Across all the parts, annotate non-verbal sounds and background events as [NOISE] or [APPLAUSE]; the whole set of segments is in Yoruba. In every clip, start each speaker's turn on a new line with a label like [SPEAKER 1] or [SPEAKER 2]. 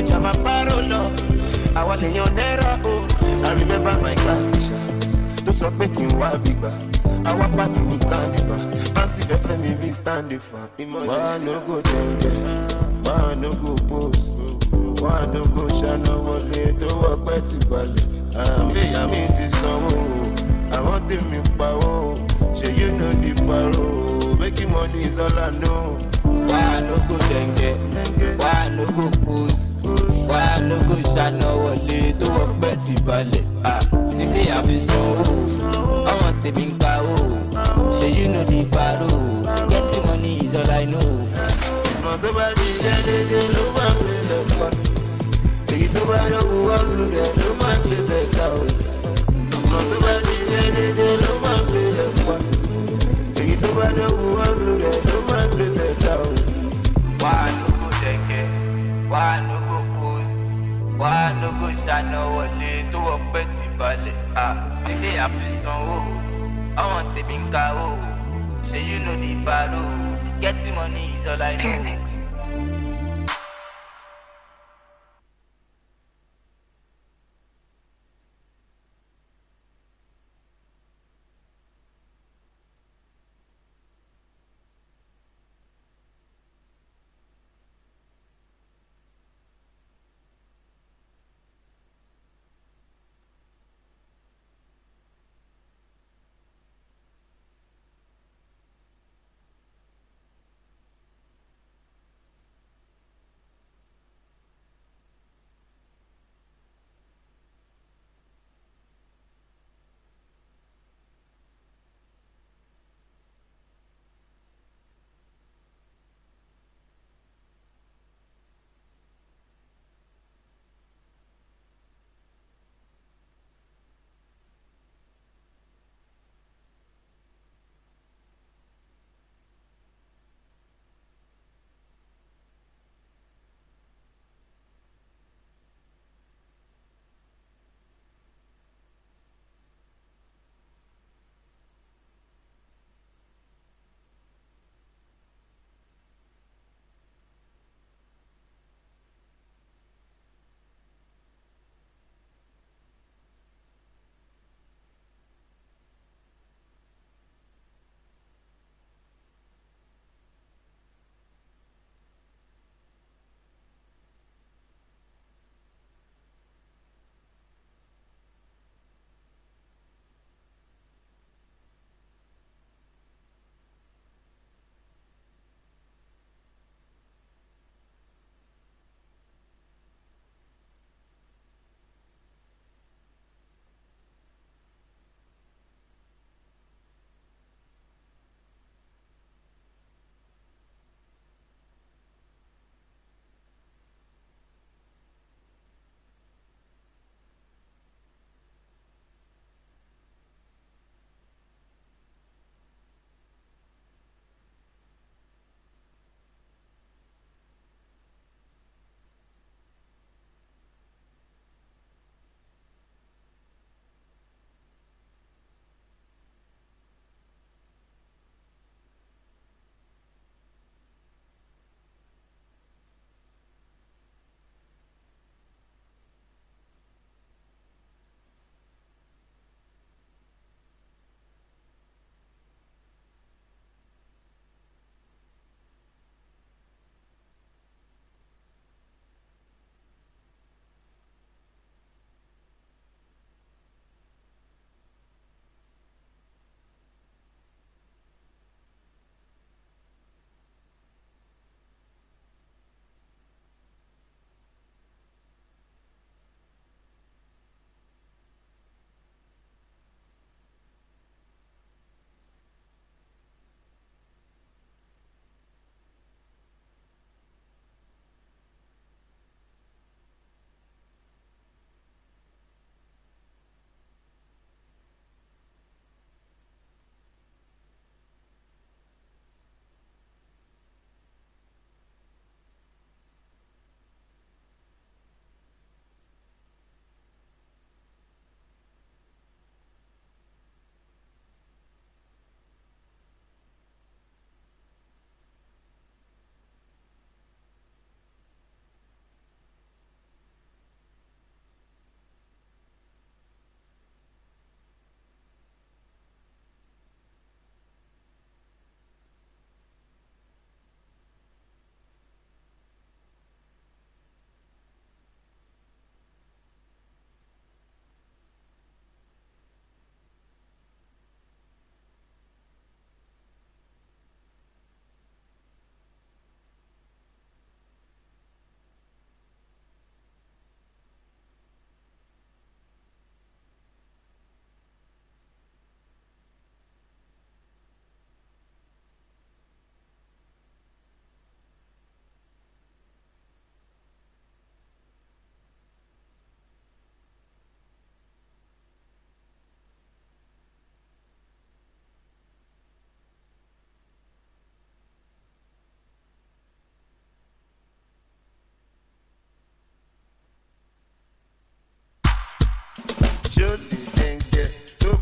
[SPEAKER 1] go jam uh. a parol lọ àwa lèèyàn náírà o i remember my class teacher tó sọ pé kí n wá gbígbà àwa pàdé ní kánìbà àǹtí fẹ́fẹ́ mi mi stand for ìmọ̀lẹ́. no go dẹ̀dẹ̀ wàá no go post wàá no go ṣáná wọlé tó wọ́pẹ́ ti balẹ̀ àmì àmì I want them tèmi pawó ṣe you know the paro oh. making money is all i know wàá no go dengue, wàá
[SPEAKER 2] no go post wá lóko ìṣáná wọlé tó wọ́pẹ́ ti balẹ̀ níbi àfisùn o àwọn tèmi ń pa o ṣe yín ló di paro getting money is all I know. ìmọ̀ tó bá ti jẹ́ déédéé ló
[SPEAKER 1] máa ń gbé lọ pa èyí tó bá yọ̀wò wá lulẹ̀ ló máa ń gbé bẹ̀ ká o. ìmọ̀ tó bá ti jẹ́ déédéé ló máa ń gbé lọ èyí tó bá yọ̀wò wá lulẹ̀ ló máa ń gbé bẹ̀ ká o. wà á lóko ṣẹ̀kẹ̀
[SPEAKER 2] wà á lóko. wàánugo ṣàna wọlé tó wọ pẹ́ ti balẹ̀ àfilé àfisanwó àwọn tèmi ń kawó ṣe yúnú ní ìbárò getting money is all I know.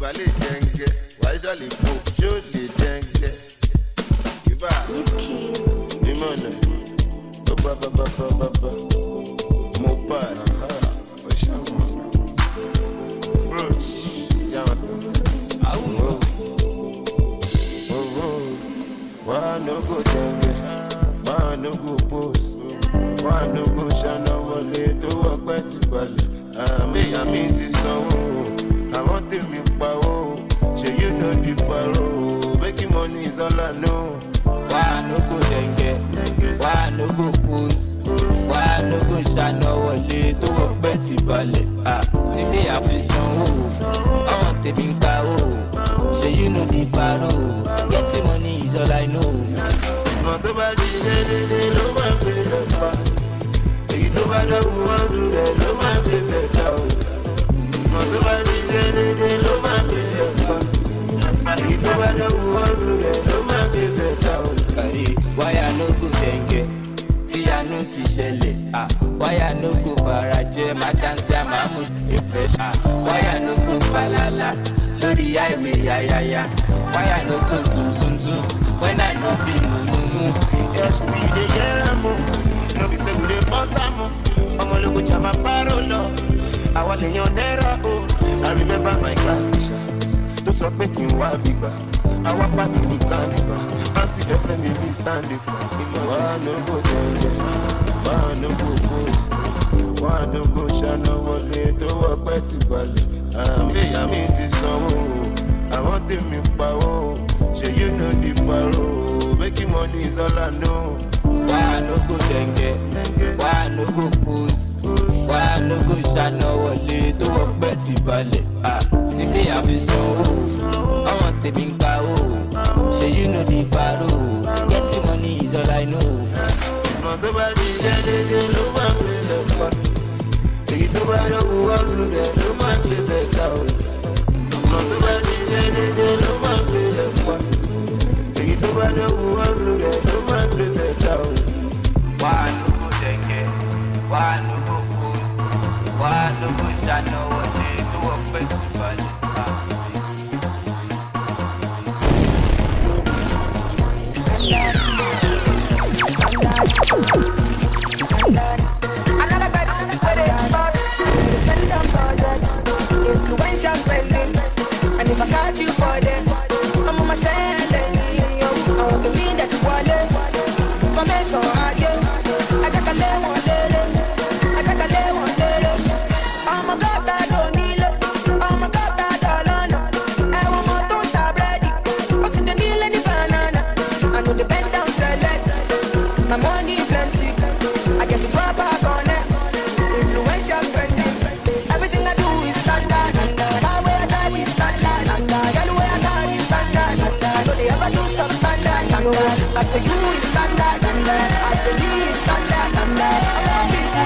[SPEAKER 1] ìbá lè jẹ́ǹgẹ́ wàísà lè bá bá bá bá bá bá mo bá ọ̀ṣàmọ̀ fruit jàmọ̀ àwùjọ. Why no go jẹ́ǹgẹ́? Why no go post? Why no go ṣáná wọlé tó wọ́pẹ́ ti balẹ̀? Àmì àmì ti sanwó. give me power. Say you know the power. Making money is all I know. Why no go denge? Why no go pose? Why
[SPEAKER 2] I no go To a tó wọ Ah, ti balẹ̀? Níbi àti sanwó, I want ń pa ó. Ṣé you know the power? Getting money is
[SPEAKER 1] all I know. Ìmọ̀ tó bá ṣiṣẹ́ déédéé ló máa ń pè lọ́pàá. Èyí tó bá dọ̀wọ́ wá dúró rẹ̀ máa ń pè bẹ̀ta o ọmọ tó bá ti jẹ́ dédé ló máa ń gbé ẹ̀fọ́ àbí tó bá dẹ́wù ọ̀rùn rẹ̀ ló máa ń
[SPEAKER 2] gbé bẹ̀tà o. kàrí wáyà ló kù dẹ̀ǹgẹ̀ tí àánú ti ṣẹlẹ̀ wáyà ló kù bàrà jẹ́ má dáńsí àmàmù ìfẹ́ wáyà ló kù falala lórí àìmì yáyáyá wáyà ló kù sumsumsum
[SPEAKER 1] when I no be mumumu. yes we dey yam o no be say we dey force am o ọmọ ló kù jàmbá pàrọ̀ lọ àwa lèèyàn náírà o I remember my class teacher tó sọ pé kí n wá gbígbà àwa pàdé ní kánìbà àǹtí jọfẹ́ mi bí stanley fún mi. wà á ló kó jẹjẹ wà á ló kó kó wà á ló kó ṣáná wọlé tó wọpẹ́ ti balẹ̀ àmì àmì ti sanwó àwọn tèmi pawó ṣèyí no di paro making money is all I know. wà á ló kó jẹjẹ wà á
[SPEAKER 2] ló kó pose wàánú kò ṣáná wọlé tó wọ pẹ́ ti balẹ̀ níbi àfisùn o àwọn tèmi ń pa o ṣe yín ló di paro getting money is all I know. ìmọ̀ tó bá ti jẹ́ déédéé ló máa ń pè lẹ́pọ̀ èyí tó bá lọ́wọ́ wá lulẹ̀ ló máa ń pè lẹ́ka
[SPEAKER 1] o ìmọ̀ tó bá ti jẹ́ déédéé ló máa ń pè lẹ́pọ̀ èyí tó bá lọ́wọ́ wá lulẹ̀.
[SPEAKER 3] I got you for that. I'm on my sand lady, I want to mean that you want it. For me, so I, yeah. I just can't let one I say you is standard, standard. I say you is standard, standard. I'm a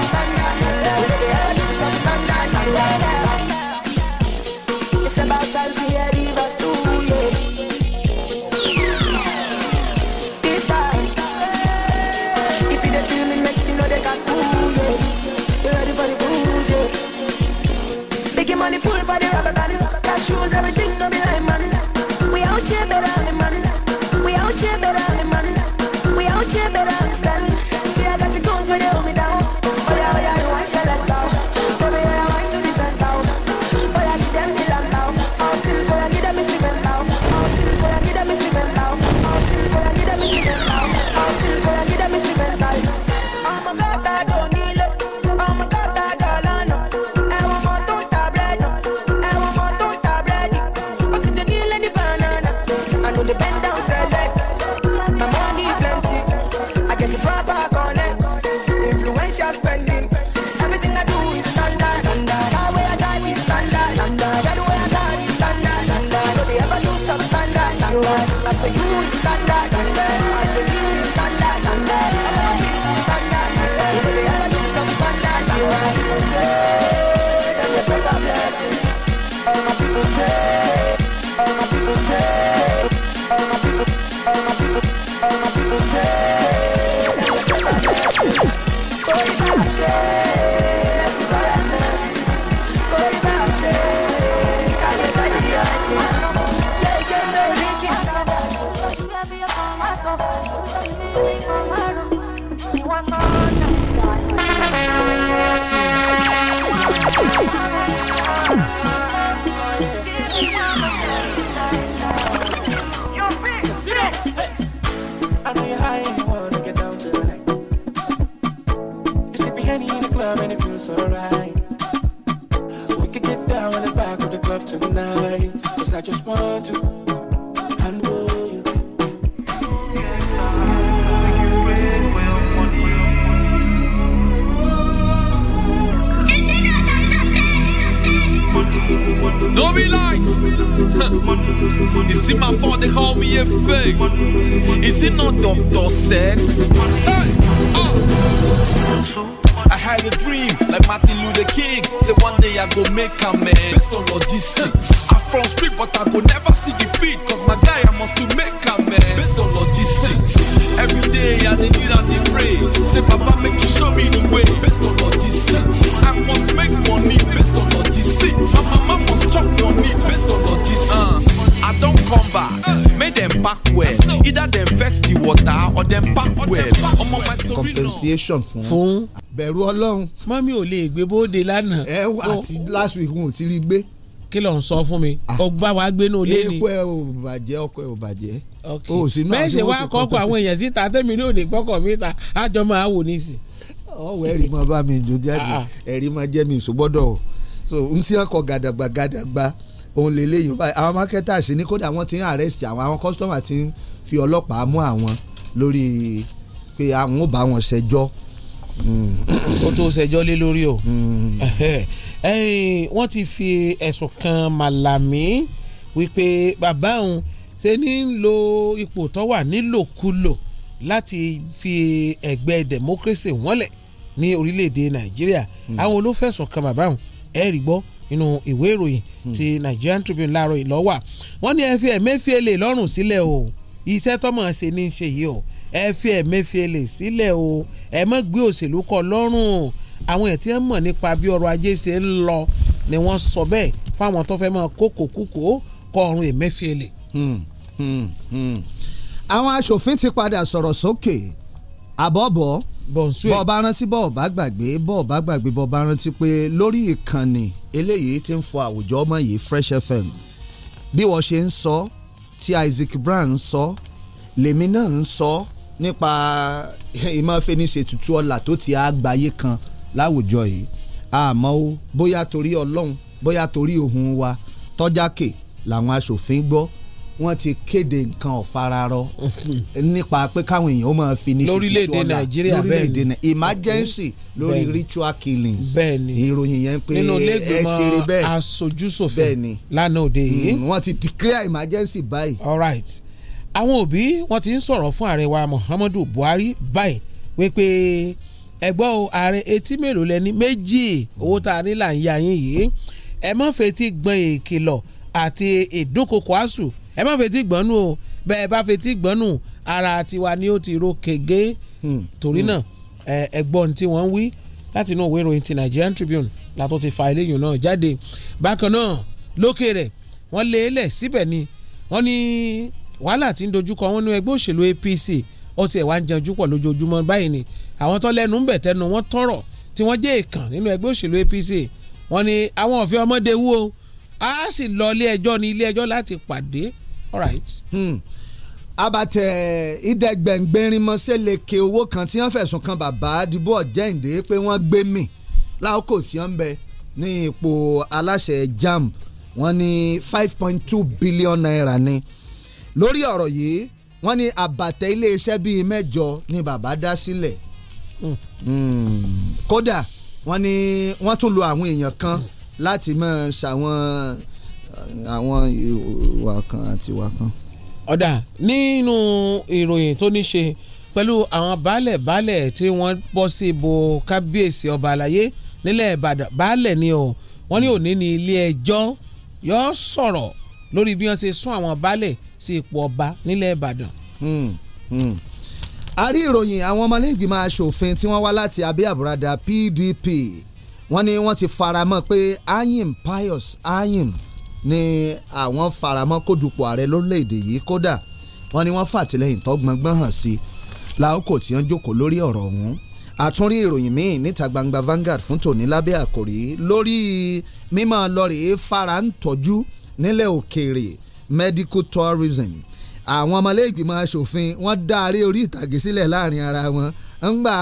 [SPEAKER 4] information fún.
[SPEAKER 5] fún. bẹ̀rù ọlọ́run. mọ́mí ò lè gbé bóde lánàá. ẹ wá àti last week n ò ti rí gbé. kí ló ń sọ fún mi ọgbà wa gbé náà lé ni. epo ẹ
[SPEAKER 4] ò bàjẹ́ ọkọ ẹ ò bàjẹ́. ok bẹ́ẹ̀ ṣe wá kọ́kọ́ àwọn èèyàn
[SPEAKER 5] síta tẹ́mi ní òní gbọ́kọ̀ mi ta àjọ máa wò ní sí. ọwọ́ ẹ̀rí máa bá mi jò jáde ah, ah. ẹ̀rí máa jẹ́ mi ìṣògbọ́dọ̀ o so n ti ọkọ̀ gàdàgbà gàdàgbà
[SPEAKER 4] òun lè léyìn báyìí àwọn marketers ní kódà wọ́n ti ń arrest àwọn àwọn customer ti ń fi ọlọ́pàá
[SPEAKER 5] mú àwọn lórí pé àwọn ò bá wọn ṣẹjọ́. ó tó ṣẹjọ́ lé lórí o mm. wọ́n ti fi ẹ̀sùn kan Màlàmí wípé bàbá òun ṣe ní lo ipò tó wà nílòkulò láti fi ẹgbẹ́ democracy wọ́lẹ̀ ní orílẹ̀-èdè Nàìjíríà mm. àwọn olófẹ̀sùn kan bàbá òun ẹ̀rí gbọ́ nínú ìwé ìròyìn mm. ti Nigerian Tribune láàárọ̀ ìlọ́wà wọ́n ní ẹ fi ẹ̀mẹ́fẹ́lẹ́ lọ́rùn sílẹ̀ o iṣẹ́ tọ́mọ̀ ṣe ní í ṣe yìí o ẹ fi Emefiele sílẹ̀ o ẹ má gbé òṣèlú kọ lọ́rùn àwọn ẹ̀ tí ń mọ̀ nípa bí ọrọ̀ ajé ṣe ń lọ ni wọ́n sọ bẹ́ẹ̀ fáwọn tó fẹ́ mọ kókòkókò kọ ọ̀run Emefiele. Hmm, hmm, hmm. àwọn
[SPEAKER 4] aṣòfin ti padà sọ̀rọ̀ sókè àbọ̀bọ̀ bọ́ọ̀ bá rántí bọ́ọ̀ bá gbàgbé bọ́ọ̀ bá gbàgbé bọ́ọ̀ bá rántí pé lórí ìkànnì eléyìí ti ń fọ àwùjọ ọmọ yìí Fresh FM bí wọ́n ṣe ń sọ tí Isaac Brown ń sọ lèmi náà ń sọ nípa ìmọ̀ fẹ́niṣe tuntun ọ̀la tó ti àgbáyé kan láwùjọ yìí àmọ́ ó bóyá torí ọlọ́run bóyá torí ohun wa tọ́jákè làwọn aṣòfin gbọ́ wọ́n ti kéde nǹkan ọ̀fararọ nípa pé káwọn èèyàn ó máa fi ní ṣètò ọ̀la lórílẹ̀‐èdè nàìjíríà emergency lórí ritual killings bẹ́ẹ̀ni ìròyìn yẹn pé ẹ ṣeré bẹ́ẹ̀ aṣojú ṣòfin
[SPEAKER 5] lánàá òde yìí hmm, wọ́n ti declare emergency báyìí àwọn òbí wọn ti ń sọ̀rọ̀ fún ààrẹ wa Muhammadu Buhari báyìí wípé ẹ̀gbọ́n o ààrẹ etí mélòó lẹ́ni méjì owó tá a ní là ń ya yín yìí ẹ má fetí gbọ́n ìkìlọ̀ àti ìdúnkokò àṣù ẹ má fetí gbọ́n nù o bẹ́ẹ̀ bá fetí gbọ́n nù ara tiwa ni ó ti ro kege hmm, torí hmm. náà ẹ̀gbọ́n tí wọ́n ń wí láti inú òwe ìròyìn ti Nigerian Tribune látó ti fa eléyìí náà jáde bákan náà lókè rẹ̀ wọ́n lé e lẹ̀ síbẹ̀ ni wọ́n ní wàhálà tí ń dojúkọ wọn nú ẹgbẹ́ òṣèlú APC ó ti ẹ̀ wá ń jẹunjú pọ̀ lójoojúmọ́ báyìí ni àwọn tó lẹ́nu ń bẹ̀tẹ́nu wọn tọ̀rọ̀ tí wọ́n jẹ́ èèkàn nínú ẹgbẹ́ òṣèlú APC wọn ni àwọn ò fẹ́ ọmọdé wú o a sì lọ ilé ẹjọ́ ní ilé ẹjọ́ láti pàdé all right. Hmm abatẹ
[SPEAKER 4] ìdẹgbẹ̀ngbẹ̀rinmọ́sẹ̀lẹ̀kẹ̀ owó kan tí wọ́n fẹ̀sùn kan bàbá àdìbò ọ̀jẹ̀ǹdè pé wọ́n gbé mì láòkò tí wọ́n ń bẹ ní ipò aláṣẹ jam. wọ́n ní five point two billion naira ni lórí ọ̀rọ̀ yìí wọ́n ní àbàtẹ iléeṣẹ́ bíi mẹ́jọ ni bàbá dá sílẹ̀ hmm. Hmm. kódà wọ́n ní wọ́n tún lo àwọn èèyàn kan láti máa ṣàwọn
[SPEAKER 5] àwọn ìwà kan àti ìwà kan. ọ̀dà nínú ìròyìn tó ní ṣe pẹ̀lú àwọn baálẹ̀ baálẹ̀ tí wọ́n bọ́ sí ibo kábíyèsí ọba àlàyé nílẹ̀ ìbàdàn baálẹ̀ ni o wọ́n ní òní ní ilé ẹjọ́ yọ sọ̀rọ̀ lórí bí wọ́n ṣe sún àwọn baálẹ̀ sí ipò ọba nílẹ̀ ìbàdàn. Hmm, hmm.
[SPEAKER 4] a rí ìròyìn àwọn ọmọlẹ́gbìmọ̀ aṣòfin tí wọ́n wá láti abẹ́ àbúradà PDP wọ́n ní wọ́n ti faramọ́ pé ayim pius ayim ni àwọn faramọ́ kó dupò ààrẹ lórílẹ̀‐èdè yìí kódà wọ́n ní wọ́n fàtìlẹ́yìn tó gbọ̀ngbọ̀n hàn sí láòkò tí wọ́n jókòó lórí ọ̀rọ̀ ọ̀hún àtúnrí ìròyìn míì níta gbangba Vanguard fún tòní lábẹ́ àkòrí lórí mímọ́ lọ́rẹ̀ẹ́ fara ń tọ́jú nílẹ̀ òkèèrè medical tourism àwọn ọmọlẹ́gbìmọ̀ asòfin wọ́n dá aré orí ìtàgé sílẹ̀ láàrin ara wọn ńgbà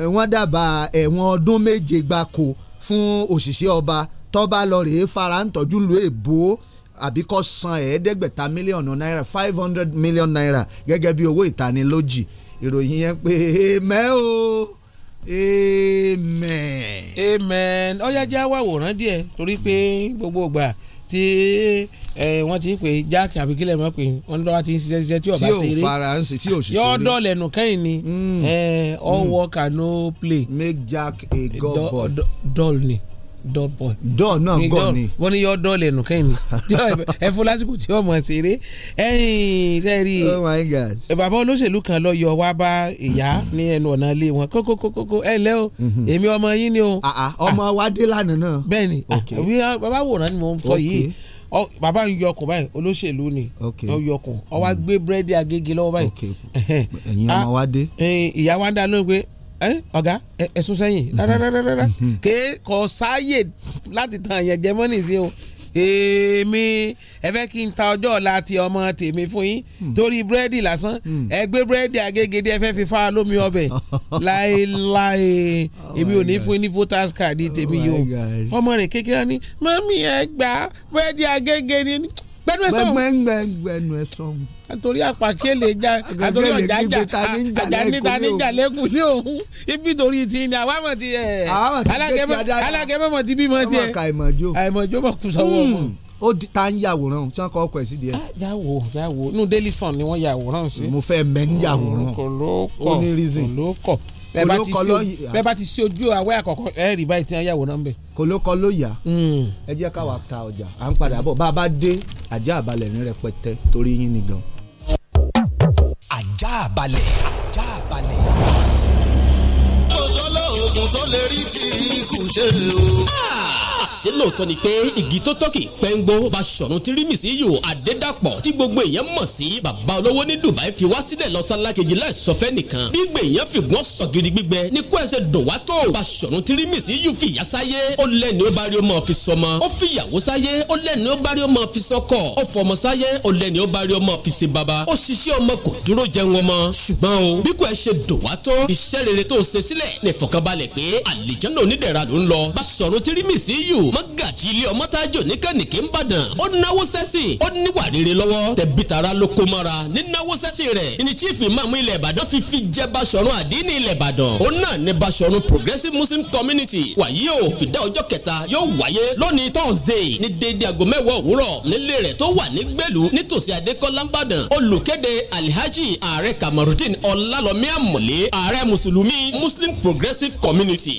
[SPEAKER 4] eh, wọ́n dábàá ẹ̀wọ̀n ọdún méje gbáko fún òṣìṣẹ́ ọba tọ́ba lọ rèé fara ń tọ́jú lu èbó àbí kó san ẹ̀ẹ́dẹ́gbẹ̀ta mílíọ̀nù náírà five hundred million naira gẹ́gẹ́ bí owó
[SPEAKER 5] ìtanilójì ìròyìn yẹn pé èèmẹ́ o amen. amen ó yá jẹ́ àwòrán díẹ̀ torí pé gbogbo ìgbà tí wọ́n ti pè jákè àbí mọ́ pé wọ́n ní lọ́wọ́ ti ń ṣiṣẹ́ ṣiṣẹ́ tí ọba ṣe eré tí ò ṣiṣẹ́ yọ dọ̀lẹ̀ nù kẹ́yìn ni hmm. all hmm. work and no play make jack a god ball ni dọ́pọ̀. dọ́ọ̀ náà gọ̀ ni. wọ́n ní yọ dọ́ọ̀ lẹ́nu kẹ́yìn ni ẹ fún lásìkò tí ọmọ ṣeré ẹ̀yìn sẹ́ẹ̀rì bàbá olóṣèlú kan lọ yọ wá bá ìyá ní ẹnu ọ̀nà ilé wọn kókókókó ẹ lẹ́ o mhm. èmi ọmọ yín ni o. Ah, ah, ọmọ wa dé lánàá náà. bẹ́ẹ̀ni ah, bàbá wòran ni mo ń sọ yìí Baba ń yọkùn báyìí olóṣèlú ni ó yọkùn ó wá mm. gbé búrẹ́dì Agége lọ́wọ́ báyìí. ẹ̀yin ọmọ wa dé. ìyá wa ń pé Eh, ọ̀gá ẹ̀sùn sẹ́yìn mhm. rárárárá mhm. kò sáàyè láti tan àyàn jẹ mọ́nì sí o èmi ẹ fẹ́ kí n ta ọjọ́ ọ̀la ti ọmọ tèmi fún yín hmm. torí búrẹ́dì lásán hmm. ẹ gbé búrẹ́dì Àgégèdè ẹ fẹ́ fi fa lómi ọbẹ̀ [LAUGHS] láéláé oh èmi ò ní fún ní voters card oh tèmi yìí o ọmọ rẹ̀ kékeré ni mọ́mí ẹ gbà búrẹ́dì Àgégèdè ni gbẹnu ẹsọ gbẹnu ẹsọ. àtòrí àpàkéle já àtòrí ọ̀jájà àjàníta níjà lẹ́kùn ní òun ibi torí ti ni àwa mọ̀ ti ẹ̀ alágẹ̀mọ̀ mọ̀ ti bí mọ̀ ti ẹ̀ àìmọ̀jọ́ mọ̀ kù sọ́wọ́ mọ̀. Hmm. ó ta ń yàwòrán tí wọn kọ ọkọ ẹ sí díẹ̀. Ah, yàwò yàwò nù délìsàn ni wọn yàwòrán sí. mo fẹ́ mẹ́ ń yàwòrán ó ní reason. kò ló kọ̀ bẹ́ẹ̀ bá ti sí ojú àwẹ́ àkọ́kọ́ ẹ rí báyìí tí wọ́n yàwó náà ń bẹ̀. kòlókọ ló yá hmm. ẹ jẹ́ ta ọjà à ń padà bọ̀
[SPEAKER 4] bá a bá dé àjà àbálẹ̀ ní rẹpẹtẹ torí yín ni gan.
[SPEAKER 6] àjà
[SPEAKER 7] àbálẹ̀ àjà àbálẹ̀. mo sọ lóògùn tó lè rí kí n kù ṣe o. Ah! àṣé lóòótọ́ ni pé igi tó tọ́kì pẹ́ngbó bá ṣọ̀run ti rí mìsí yò àdédàpọ̀ tí gbogbo èèyàn mọ̀ sí bàbá olówó ní Dubai fi wá sílẹ̀ lọ́sánlá kejì láìsọ fẹ́ nìkan bí gbè èèyàn fi gbọ́n sọ gidi gbígbẹ ní kó ẹsẹ̀ dùn wá tó bá ṣọ̀run ti rí mìsí yò fi ìyá sáyé ó lẹ́ni ó bá rí ọmọ fi sọmọ ó fi ìyàwó sáyé ó lẹ́ni ó bá rí ọmọ fi sọkọ ó fọmọ sáyé ó lẹ́ni ó bá rí ọmọ fi se baba ó ṣiṣẹ́ ọmọ kò dúró jẹun ọmọ ṣùgbọ́n o bí kò ẹ ṣe dùn wá tó iṣẹ́ rere tó ṣe sílẹ̀ ní ìfọ̀kànbalẹ̀ pé àlìjọ́nà onídẹ̀ra ló ń lọ bá ṣọ̀run ti rí mìsí y aliyu magaji ilé ọmọ tájò níkànnìkì ń bàdàn ó náwó sẹ́sìn ó níwà rere lọ́wọ́ tẹ̀bítara ló kó mọ́ra ní náwó sẹ́sìn rẹ̀ ìní chief imam ilẹ̀ ìbàdàn fi jẹ́ basọ̀run àdínní ilẹ̀ ìbàdàn ó náà ní basọ̀run progressive muslim community wàyí ò fìdá ọjọ́ kẹta yóò wáyé lónìí thursday ní déédéé aago mẹ́wàá òwúrọ̀ nílé rẹ̀ tó wà ní gbẹ̀lú nítòsí adékọ́lá ń bàdàn olùkéde alhaji ààrẹ kamarudin ọlálọ́mí àmọ̀lé ààrẹ mùsùlùmí muslim progressive community.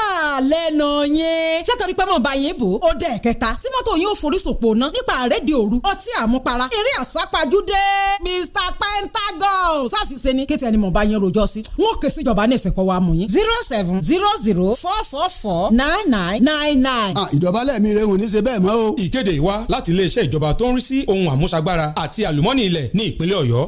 [SPEAKER 8] lẹ́nu yẹn. ṣé torí pé bá yín bò ó dẹ̀ kẹta tí mọ́tò yín forísòpò ná nípa àrédìí òru ọtí àmupara eré àsápajúdé Mr Pentagon sáfìsẹ́ ni kéte ẹni mo bá yín rojọ́ sí. n ó ké ìjọba ní ìsìnkọ́ wa mú yín. zero seven zero zero four four four nine nine nine nine. à ah, ìdọ̀bálẹ̀ mi rehun ní ṣe bẹ́ẹ̀ mọ́ o.
[SPEAKER 7] ìkéde ìwá láti iléeṣẹ́ ìjọba tó ń rí sí ohun àmúṣagbára àti àlùmọ́nì ilẹ̀ ní ìpínlẹ̀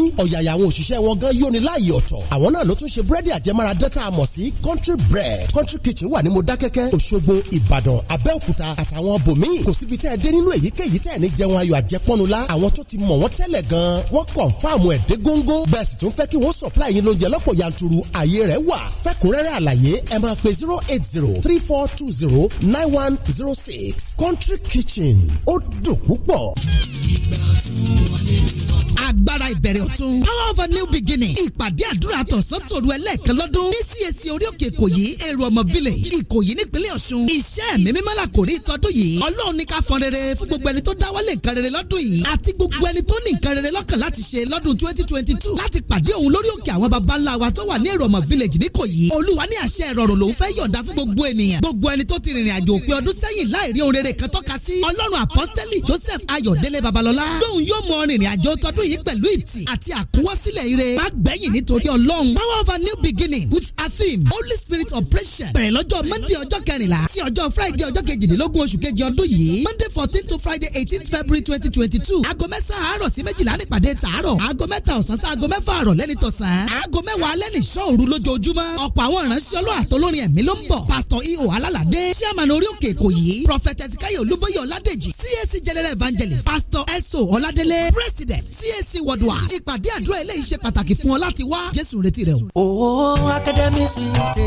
[SPEAKER 6] ní ọ̀yàyà àwọn òṣìṣẹ́ wọn gan yóni láàyè ọ̀tọ̀ àwọn náà ló tún ṣe búrẹ́dì àjẹmára dẹ́ta mọ̀ sí country bread country kitchen wà ní Modákẹ́kẹ́ Òṣogbo Ìbàdàn Abẹ́òkúta àtàwọn bòmíì kò síbi tẹ́ ẹ dé nínú èyíkéyìí tẹ́ ẹ ní jẹun ayọ̀ àjẹpọ́nulá àwọn tó ti mọ̀ wọ́n tẹ́lẹ̀ gan wọ́n kọ̀ǹfàmù ẹ̀ dé góńgó bẹ́ẹ̀ sì tún fẹ́ kí wọ́n supply yín lóúnjẹ lọ́pọ̀ yanturu àyè rẹ̀ wà fẹ́kúnrẹ́rẹ́ àlàyé ẹ máa pe zero eight zero three four two zero nine one zero six country kitchen ó dùn púpọ̀. ìgbà tó wọlé agbára ìbẹ̀rẹ̀ ọ̀tun power of a new beginning ìpàdé àdúrà tọ̀sán tòru ẹlẹ́ẹ̀kan lọ́dún ní CAC orí òkè ìkòyí èrò ọmọ village ìkòyí nípínlẹ̀ ọ̀ṣun iṣẹ́ mi mímọ́ la kò rí ìtọ́dún yìí ọlọ́run ní ká fọn rere fún gbogbo ẹni tó dáwọ́lé nǹkan rere lọ́dún yìí àti gbogbo ẹni tó ní nǹkan rere lọ́kàn láti ṣe lọ́dún twenty twenty two láti pàdé òun lórí village níkòyí olúwa ní àṣẹ ìrọ̀rùn lòún fẹ́ yọ̀ǹda fún gbogbo ènìyàn gbogbo ẹni tó ti rìnrìn àjò òpin ọdún sẹ́yìn láì rí ohun rere kan tọ́ka sí ọlọ́run àpọ́stẹ́lì joseph ayọ̀délé babalọ́lá lóun ọdún yìí pẹ̀lú ìtì àti àkúwọ́sílẹ̀ ire má gbẹ̀yìn nítorí ọlọ́run power of a new beginning with a holy spirit operation bẹ̀rẹ̀ lọ́jọ́ monday ọjọ́ kẹrìnlá sí ọjọ́ friday ọjọ́ kejìdínlógún oṣù kejì ọdún yìí monday fourteen to friday eighteen february twenty twenty two aago mẹ́sàn-án àárọ̀ sí méjìlá nípàdé tààrọ̀ aago mẹ́ta ọ̀sán sí aago mẹ́fà àrọ̀ lẹ́ni tọ̀sán aago mẹ́wàá lẹ́ni ìṣọ́ òru lójoojúmọ́ ọ̀pọ̀ àwọn ìránṣẹ́ ọlọ́ àtolórin ẹ̀mí ló ń prophet ezekiel olúbóyè ọládèjì cac general evangelist pastor eso ọládélé president CAC Worldwide ìpàdé àdúrà eléyìí ṣe pàtàkì fún ọ láti wá Jésù retí rẹ o. Òwò Akademi Suite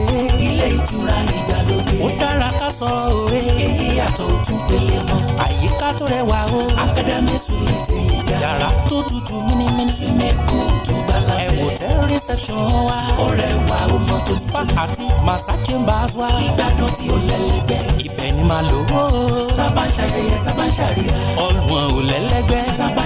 [SPEAKER 9] ilé ìtura ìgbàlódé ó dára ká sọ òwe èyí yàtọ̀ òtún pélé mọ́ àyíká tó rẹwà o Akademi Suite yàrá tó tutù mímímí. Súnmẹ́kù tó gbàlá hotel reception wa. ọ̀rẹ́ wa o mọ tó ti tó. àti massa chambers wa. ìgbádùn tí ó lẹ́lẹ́gbẹ́. ibẹ̀ ni màá lò ó. taba ń ò lẹ́lẹ́gbẹ́. taba ń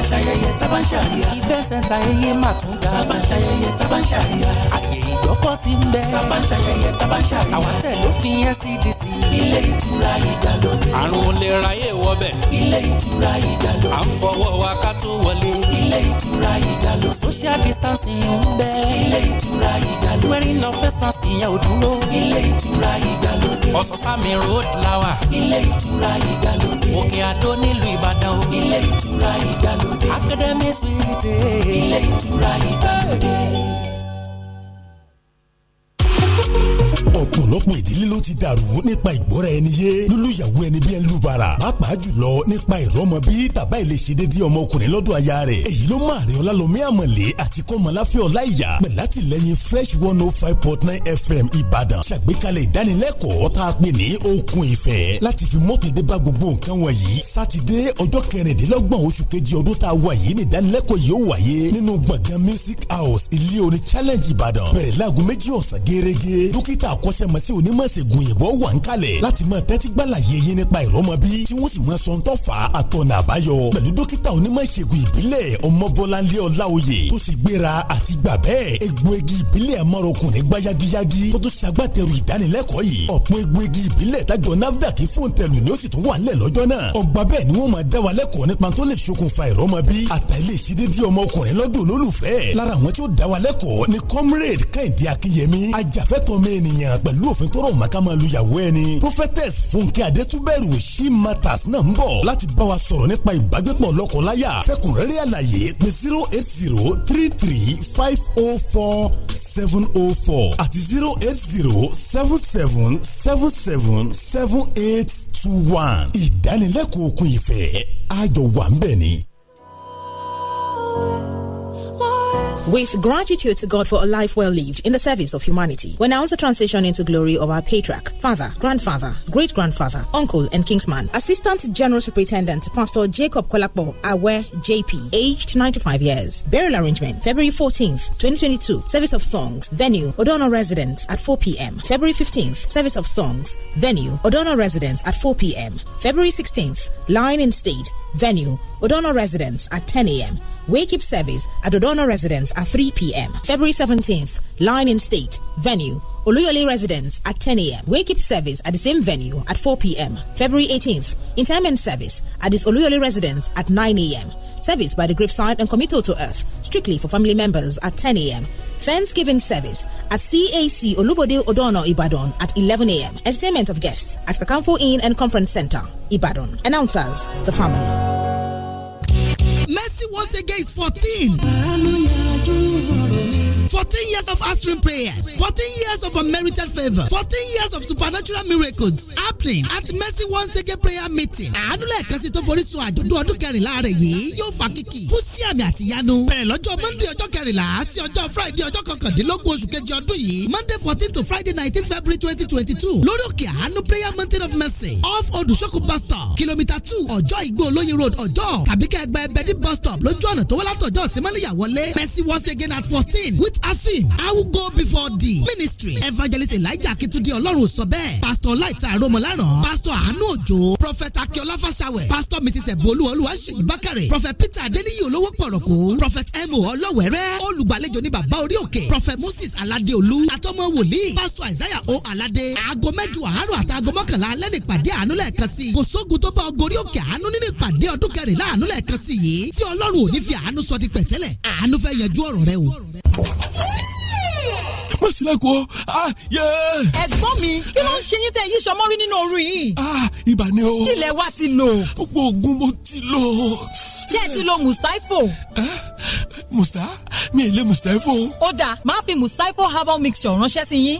[SPEAKER 9] ṣayẹyẹ taba ń center eye mà tún ga. taba ń ṣayẹyẹ taba ń ṣàríyá. àyè ìgbọ́kọ̀sí ń bẹ. taba ń ṣayẹyẹ taba ń ṣàríyá. àwọn tẹ̀ ló fi NCDC. ilé ìtura ìdàlódé. àrùn olè ráyè wọbẹ̀. ilé ìtura ìdàlódé. à ń fọwọ́ wa ká tó wọlé ilé ìtura ìdàlú. social distancing ń bẹ. ilé ìtura ìdàlú. wearing no face mask ìyẹn ò dúró. ilé ìtura ìdàlódé. ọ̀sánsámi road lawa. ilé ìtura ìdàlódé. òkè àdó nílùú ìbàdàn o. ilé ìtura ìdàlódé. academy suite. ilé ìtura ìdàlódé
[SPEAKER 6] ọ̀pọ̀lọpọ̀ ìdílé ló ti dàrú nípa ìgbọ́ra ẹni yé lólùyàwó ẹni bí ẹ ń bara pàápàá jùlọ nípa ìrọmọ bí tàbá ìlẹsẹdẹdẹ ọmọkùnrin lọ́dọ̀ aya rẹ̀ èyí ló máa rẹ ọlálọmí àmọlé àti kọmọláfẹ ọláìyá pẹ̀látìlẹ́yìn fresh one oh five point nine fm ìbàdàn ṣàgbékalẹ̀ ìdánilẹ́kọ̀ọ́ tá a pè ní okun ìfẹ́ láti fi mọ́tò dé bá gbogbo nǹkan wọ̀nyí sátidé ọjọ́ kẹrìndínlọ́gbọ̀n oṣù kejì ọdún tá a wà yìí ní ìdánilẹ́kọ̀ọ́ yìí ó wáyé nínú gbọ̀ngàn music house ilé orin challenge ìbàdàn bẹ̀rẹ̀ láago méjì ọ̀sán gẹ́gẹ́ dókítà dókítà akọ́ṣẹ́mọṣẹ́ onímọ̀ṣègùn ìbò wà ń kalẹ̀ láti máa tẹ́tí gbàlàyé yín nípa ìrọ́mọbí tí wọ́n sì máa sọ ń tọ́fà àtọ̀nà àbáyọ pẹ̀lú dókítà onímọ̀ṣègùn ìbílẹ̀ ọmọbọ́láńlé ọláoyè tó sì gbéra àti gbà bẹ́ẹ̀ egbòogi ìbílẹ̀ amárokùn ní gbáyagíyágí tó tún ṣagbátẹrù ìdánilẹ́kọ̀ọ́ yìí ọ̀pọ̀ egbòogi ìbílẹ̀ ènìyàn pẹ̀lú òfin tó rọ̀ mọ́ ká máa lu ìyàwó ẹni. prophetess fúnkẹ́ adétúbẹ̀rù she matters náà ń bọ̀ láti bá wa sọ̀rọ̀ nípa ìbágbépọ̀ lọ́kọláya fẹ́kùnrẹ́rẹ́ àlàyé pé zero eight zero three three five oh four seven oh four àti zero eight zero seven seven seven seven seven eight two one. ìdánilẹ́kọ̀ọ́
[SPEAKER 10] òkun ìfẹ́ àjọ wà ń bẹ̀ ni. thank With gratitude to God for a life well lived in the service of humanity, we announce the transition into glory of our patriarch, father, grandfather, great grandfather, uncle, and kingsman, Assistant General Superintendent, Pastor Jacob Kolakbo Awe JP, aged 95 years. Burial arrangement, February 14th, 2022, service of songs, venue, Odono Residence at 4 p.m. February 15th, service of songs, venue, Odono Residence at 4 p.m. February 16th, line in state, venue, Odono Residence at 10 a.m. Wake up service at Odono Residence at 3 p.m. February 17th, Line in State, venue. Oluyole Residence. at 10 a.m. Wake up service at the same venue at 4 p.m. February 18th, interment service at this Oluyole residence at 9 a.m. Service by the Graveside and Committal to Earth, strictly for family members at 10 a.m. Thanksgiving service at CAC Olubode Odono Ibadan at 11 a.m. Entertainment of guests at Kakamfo Inn and Conference Center, Ibadan. Announcers, the family.
[SPEAKER 6] mercy once again is fourteen. àánú fourteen years of answering prayers fourteen years of unmerited favor. fourteen years of supernatural miracles happening at mercy once again prayer meeting. àánú lẹ́ẹ̀kan sí tó forí sun àjọ̀dún ọdún kẹrìnlá rẹ̀ yìí yóò fa kíkì kú sí àmì àti ìyanu. bẹ̀rẹ̀ lọ́jọ́ monday ọjọ́ kẹrìnlá sí ọjọ́ friday ọjọ́ kọkàndínlógún oṣù kejì ọdún yìí monday fourteen to friday nineteen february twenty twenty two lórí òkè àánú prayer mountain of mercy off odùsókù bus stop kìlómítà two ọjọ́ ìgbó olóyin road ọjọ́ tàbí kẹgbẹ́ bẹ́ẹ̀dì bus stop lójú ọ̀nà tó wá látọ̀jọ́ símọ́lẹ́yà wọlé mercy once again at fourteen with asim i will go before the ministry evangelist elijah akitunde ọlọ́run sọ bẹ́ẹ̀ pastor laita aromolaran pastor anu ojo prophet akiola fasawẹ pastor mrs ebolu olúwaṣeyí bakare prophet peter adeniyi olówó pọ̀rọ̀kọ́ prophet emo ọlọ́wẹ̀rẹ́ olùgbàlejò ní bàbá orí òkè prophet moses alade olú atọ́mọ wòlíì pastor isaiah o alade aago mẹ́jọ àárọ̀ àti aago mọ́kànlá alẹ́ ní ìpàdé àánú lẹ́ẹ̀kan sí kò sóògùn tó bá ọgọ́rí òkè àánú nínú ìpàdé ọdún kẹrìnlá àánú lẹ́ẹ̀kan sí yìí tí ọl ọlọ́run ò ní fi àánú sọ di pẹ̀tẹ́lẹ̀ àánú fẹ́ yanjú ọ̀rọ̀ rẹ o má sí lẹ́kọ̀ọ́ ah,
[SPEAKER 8] ẹ̀gbọ́n mi kí ló ń ṣe yín tẹ́ yí sọmọ́ rí nínú òru yìí. Ah, ibà ni o. ilẹ̀ wa ti lò. gbogbo oògùn mo ti lò. ṣé ẹ ti lo mustapho. musta mi ò lè mustapho. ó dáa máa fi mustapho herbal mixture ránṣẹ́ sí yín.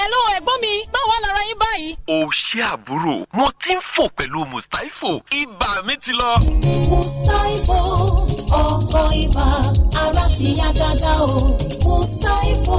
[SPEAKER 11] Hello ẹ̀gbọ́n mi, báwo lára yín báyìí? O ṣé àbúrò, wọ́n ti ń fò pẹ̀lú Mustapho. Ibà mi ti lọ. Mustapho, ọkọ̀
[SPEAKER 8] ibà, ara ti yá gágá o. Mustapho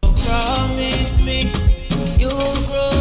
[SPEAKER 2] promise me you'll
[SPEAKER 11] grow.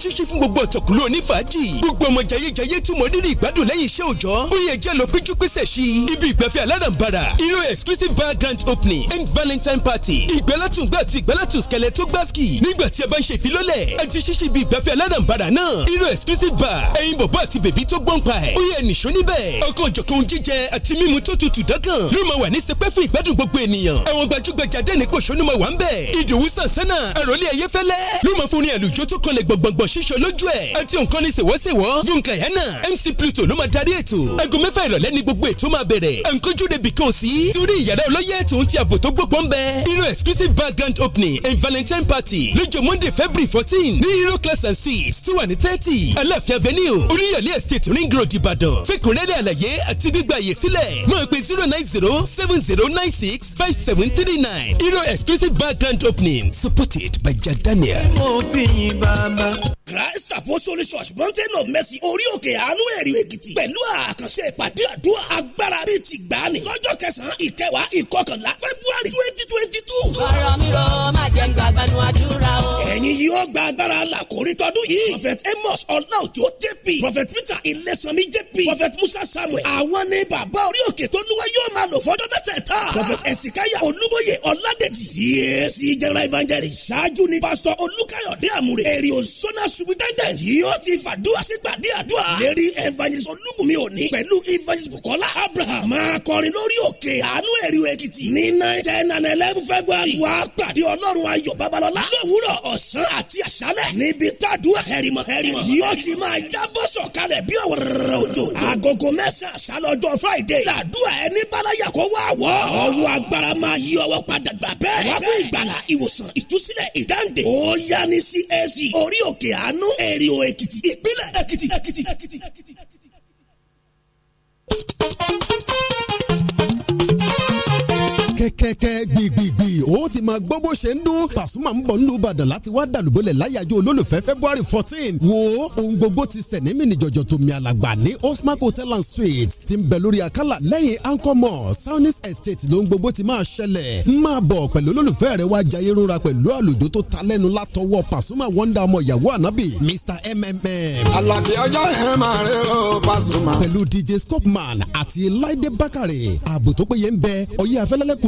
[SPEAKER 11] ṣíṣí fún gbogbo ọ̀tọ̀kùlú
[SPEAKER 6] onífàájì gbogbo ọmọ jayéjayé tún mọ rírì ìgbádùn lẹ́yìn iṣẹ́ òòjọ́ ó yẹ jẹ́ lọ péjú pésẹ̀ sí i ibi ìgbafẹ́ aládàmbara irú exclusive bar grand opening and valentine party ìgbẹ́látùngbà àti ìgbẹ́látùnskẹlẹ tó gbásíkì nígbà tí ẹ bá ń ṣe ìfilọ́lẹ̀ àti ṣíṣí ibi ìgbafẹ́ aládàmbara náà irú exclusive bar ẹyin bọ̀bọ̀ àti bèbí tó gbọ́n pa ẹ̀ ó yẹ nìṣó níbẹ̀ ọkọ̀ òjọ̀kan jíjẹ àti mímu tó tutù dọ́kàn ló máa wà ní sẹpẹ́ fún ìgbádùn gbogbo ènìyàn àwọn gbajúgbajà dẹ́ni kò ṣonú máa wà ń bẹ̀ ìdòwú santana àròlé ẹyẹfẹ́lẹ́ ló máa fún ní àlùjọ tó kọlẹ̀ gbọ̀ngbọ̀ngbọ̀ ṣíṣe lójú ẹ̀ àti nǹkan ní ṣèwọ́ṣèwọ́ fúnkẹ́ yẹn náà MC Pluto ló máa darí ètò aago mẹ́fà ìrọ̀lẹ́ ni gbogbo ètò máa bẹ̀rẹ̀ ẹ̀ńkọ́jú debì kan sí torí ìyàrá ọlọ́yẹ̀ tó ń ti àbò tó gbogbo ń bẹ nínú exclusive bar grand opening and valentine party lọ́jọ́ monday february fourteen ní hero class and suite. tí wà ní thirty aláfíà avenue oníyọ̀lẹ̀ estate ring road ìbàdàn fẹ́kùnrẹ́rẹ́ àlàyé àti gbígba àyè sílẹ̀ máa pe zero nine zero seven zero nine six five seven three nine hero exclusive bar grand opening supported by jack daniel.
[SPEAKER 12] mo fi yin bàbá. Christ Apostolic Church
[SPEAKER 6] Mountain of Mercy orí òkè àánú èrè èkìtì pẹ̀lú àkànṣe ìpàdé àdúrà agbára bíi ti gbàánì lọ́jọ́ kẹsàn-án ìkẹwàá ìkọkànlá
[SPEAKER 13] February twenty twenty two. ọ̀rọ̀ mi rọ má
[SPEAKER 12] jẹ́ gbàgbánu àdúrà o. ẹ̀yin yìí
[SPEAKER 6] gba agbára làkórí tọdún yìí Prophet
[SPEAKER 12] Amos Ọláòjó
[SPEAKER 6] JP Prophet Peter Ilésànmí JP Prophet Musa Samuel àwọn ní bàbá orí òkè tó lúwa yóò máa lò fọ́jọ́ mẹ́tẹ̀ẹ̀ta Prophet Esikaya Olúbóyè Ọládèjì CAC General Evangelist ṣáájú ni Pastor Olúkáyọ̀dé Àmúre èrè òṣónà superintendent yóò ti fàdúrà sígbàdí àdúrà lérí evangelist olúbùnmi òní pẹ̀lú evangelist bukola abraham máa kọrin lórí òkè àánú ẹ̀rí ekiti. ní nine ten and eleven february wàá pàdé ọlọ́run ayọ̀ babalọ́lá lówùúrọ̀ ọ̀sán àti àṣálẹ̀ níbi tàdúrà hẹ̀rìmọ̀ hẹ̀rìmọ̀ yóò ti máa jábọ́ sọ̀kalẹ̀ bí ọ̀rọ̀ òjò agogo mẹ́sàn-án àṣálẹ̀ friday làdúrà ẹni bálayà kó wá wọ̀ ọwọ́ agbára máa yí ọwọ́ padà gbà bẹ́ẹ̀ wá fún ìgbàlà ìwòsàn ìtúsílẹ̀ ìdáǹdè ó yá ní csc orí òkè à àánú ẹ̀rí o èkìtì ìpínlẹ̀ èkìtì èkìtì èkìtì èkìtì èkìtì kẹ́kẹ́kẹ́ gbìgbìgbì ó ti máa gbọ́ bó ṣe ń dún Pasuma ń bọ̀ nínú Ìbàdàn láti wá dàlúbọ̀lẹ̀ láyàjọ́ olólùfẹ́ February fourteen wo ohun gbogbo ti sẹ̀ ní mìnìjọ̀jọ̀ tó mi àlàgbà ní Osmark Hotel and Suites ti ń bẹ lórí àkàlà lẹ́yìn Anchor Mall Saunis Estate ló ń gbogbo ti máa ṣẹlẹ̀ ń máa bọ̀ pẹ̀lú olólùfẹ́ rẹ wá jayé rúra pẹ̀lú àlùjọ tó ta lẹ́nu látọwọ́ Pasuma wonder ọmọ ìyàwó Mr mmm. Àlàbí ọjọ́ ẹ̀ máa rí o Pasuma. DJ Scopeman àti Láìdé Bákàrè ààbò tó péye ń bẹ ọyẹ́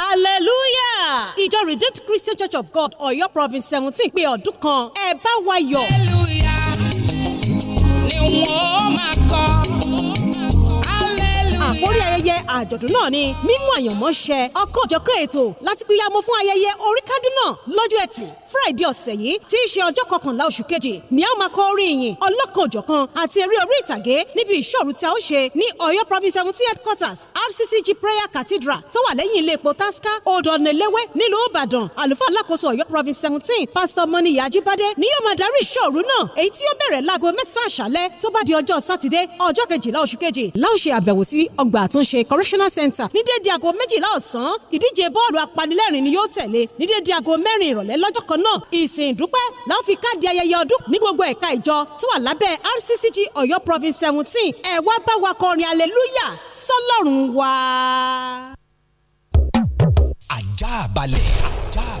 [SPEAKER 8] hallelujah ìjọ redeemed christian church of god ọ̀yọ́ province seventeen pé ọdún kan ẹ bá wa yọ̀. hallelujah
[SPEAKER 9] ni wọ́n máa kọ́ àkórí
[SPEAKER 8] ayẹyẹ àjọ̀dún náà ni mímú àyànmọ́ ṣẹ ọkọ̀ òjọ̀kan ètò láti pínyà mọ́ fún ayẹyẹ oríkádún náà lọ́jọ́ ẹtì friday ọ̀sẹ̀ yìí tí í ṣe ọjọ́ kọkànlá oṣù kejì ni a máa kọ orin ìyìn ọlọ́kan òjọ̀kan àti eré orí ìtàgé níbi ìṣòro tí a ó ṣe ní ọ̀yọ́ province seventy headquarters rccg prayer cathedral tó wà lẹ́yìn ilé epo tasca old ọ̀nà eléwé nílùú ìbàdàn àlùfáà alákòóso ọ̀yọ́ province seventeen pastor mọ́níyà ajíbádé ni yóò máa darí ìṣòro náà èyí tí yóò bẹ̀rẹ̀ láago mẹ́sàn-án àṣálẹ́ tó bá di ọjọ́ sátidé ọjọ́ kejìlá oṣù kejì la ó ṣe àbẹ̀wò sí ọgbà àtúnṣe correctional center ní déédéé aago méjìlá ọ̀sán ìdíje bọ́ọ̀lù apanilẹ́rìn ni yóò tẹ̀lé ní déédéé aago mẹ́rin ìrọ̀lẹ́ lọ́jọ́ kan náà ìsìn ìdúpẹ́ la ó fi káàdì ayẹyẹ ọdún ní gbogbo ẹ̀ka ìjọ tó wà lábẹ́ RCCG Ọ̀yọ́ province seventeen ẹ wá bá wa kọrin hallelujah sọ́lọ́run wa. àjàbalẹ̀ àjàbalẹ̀.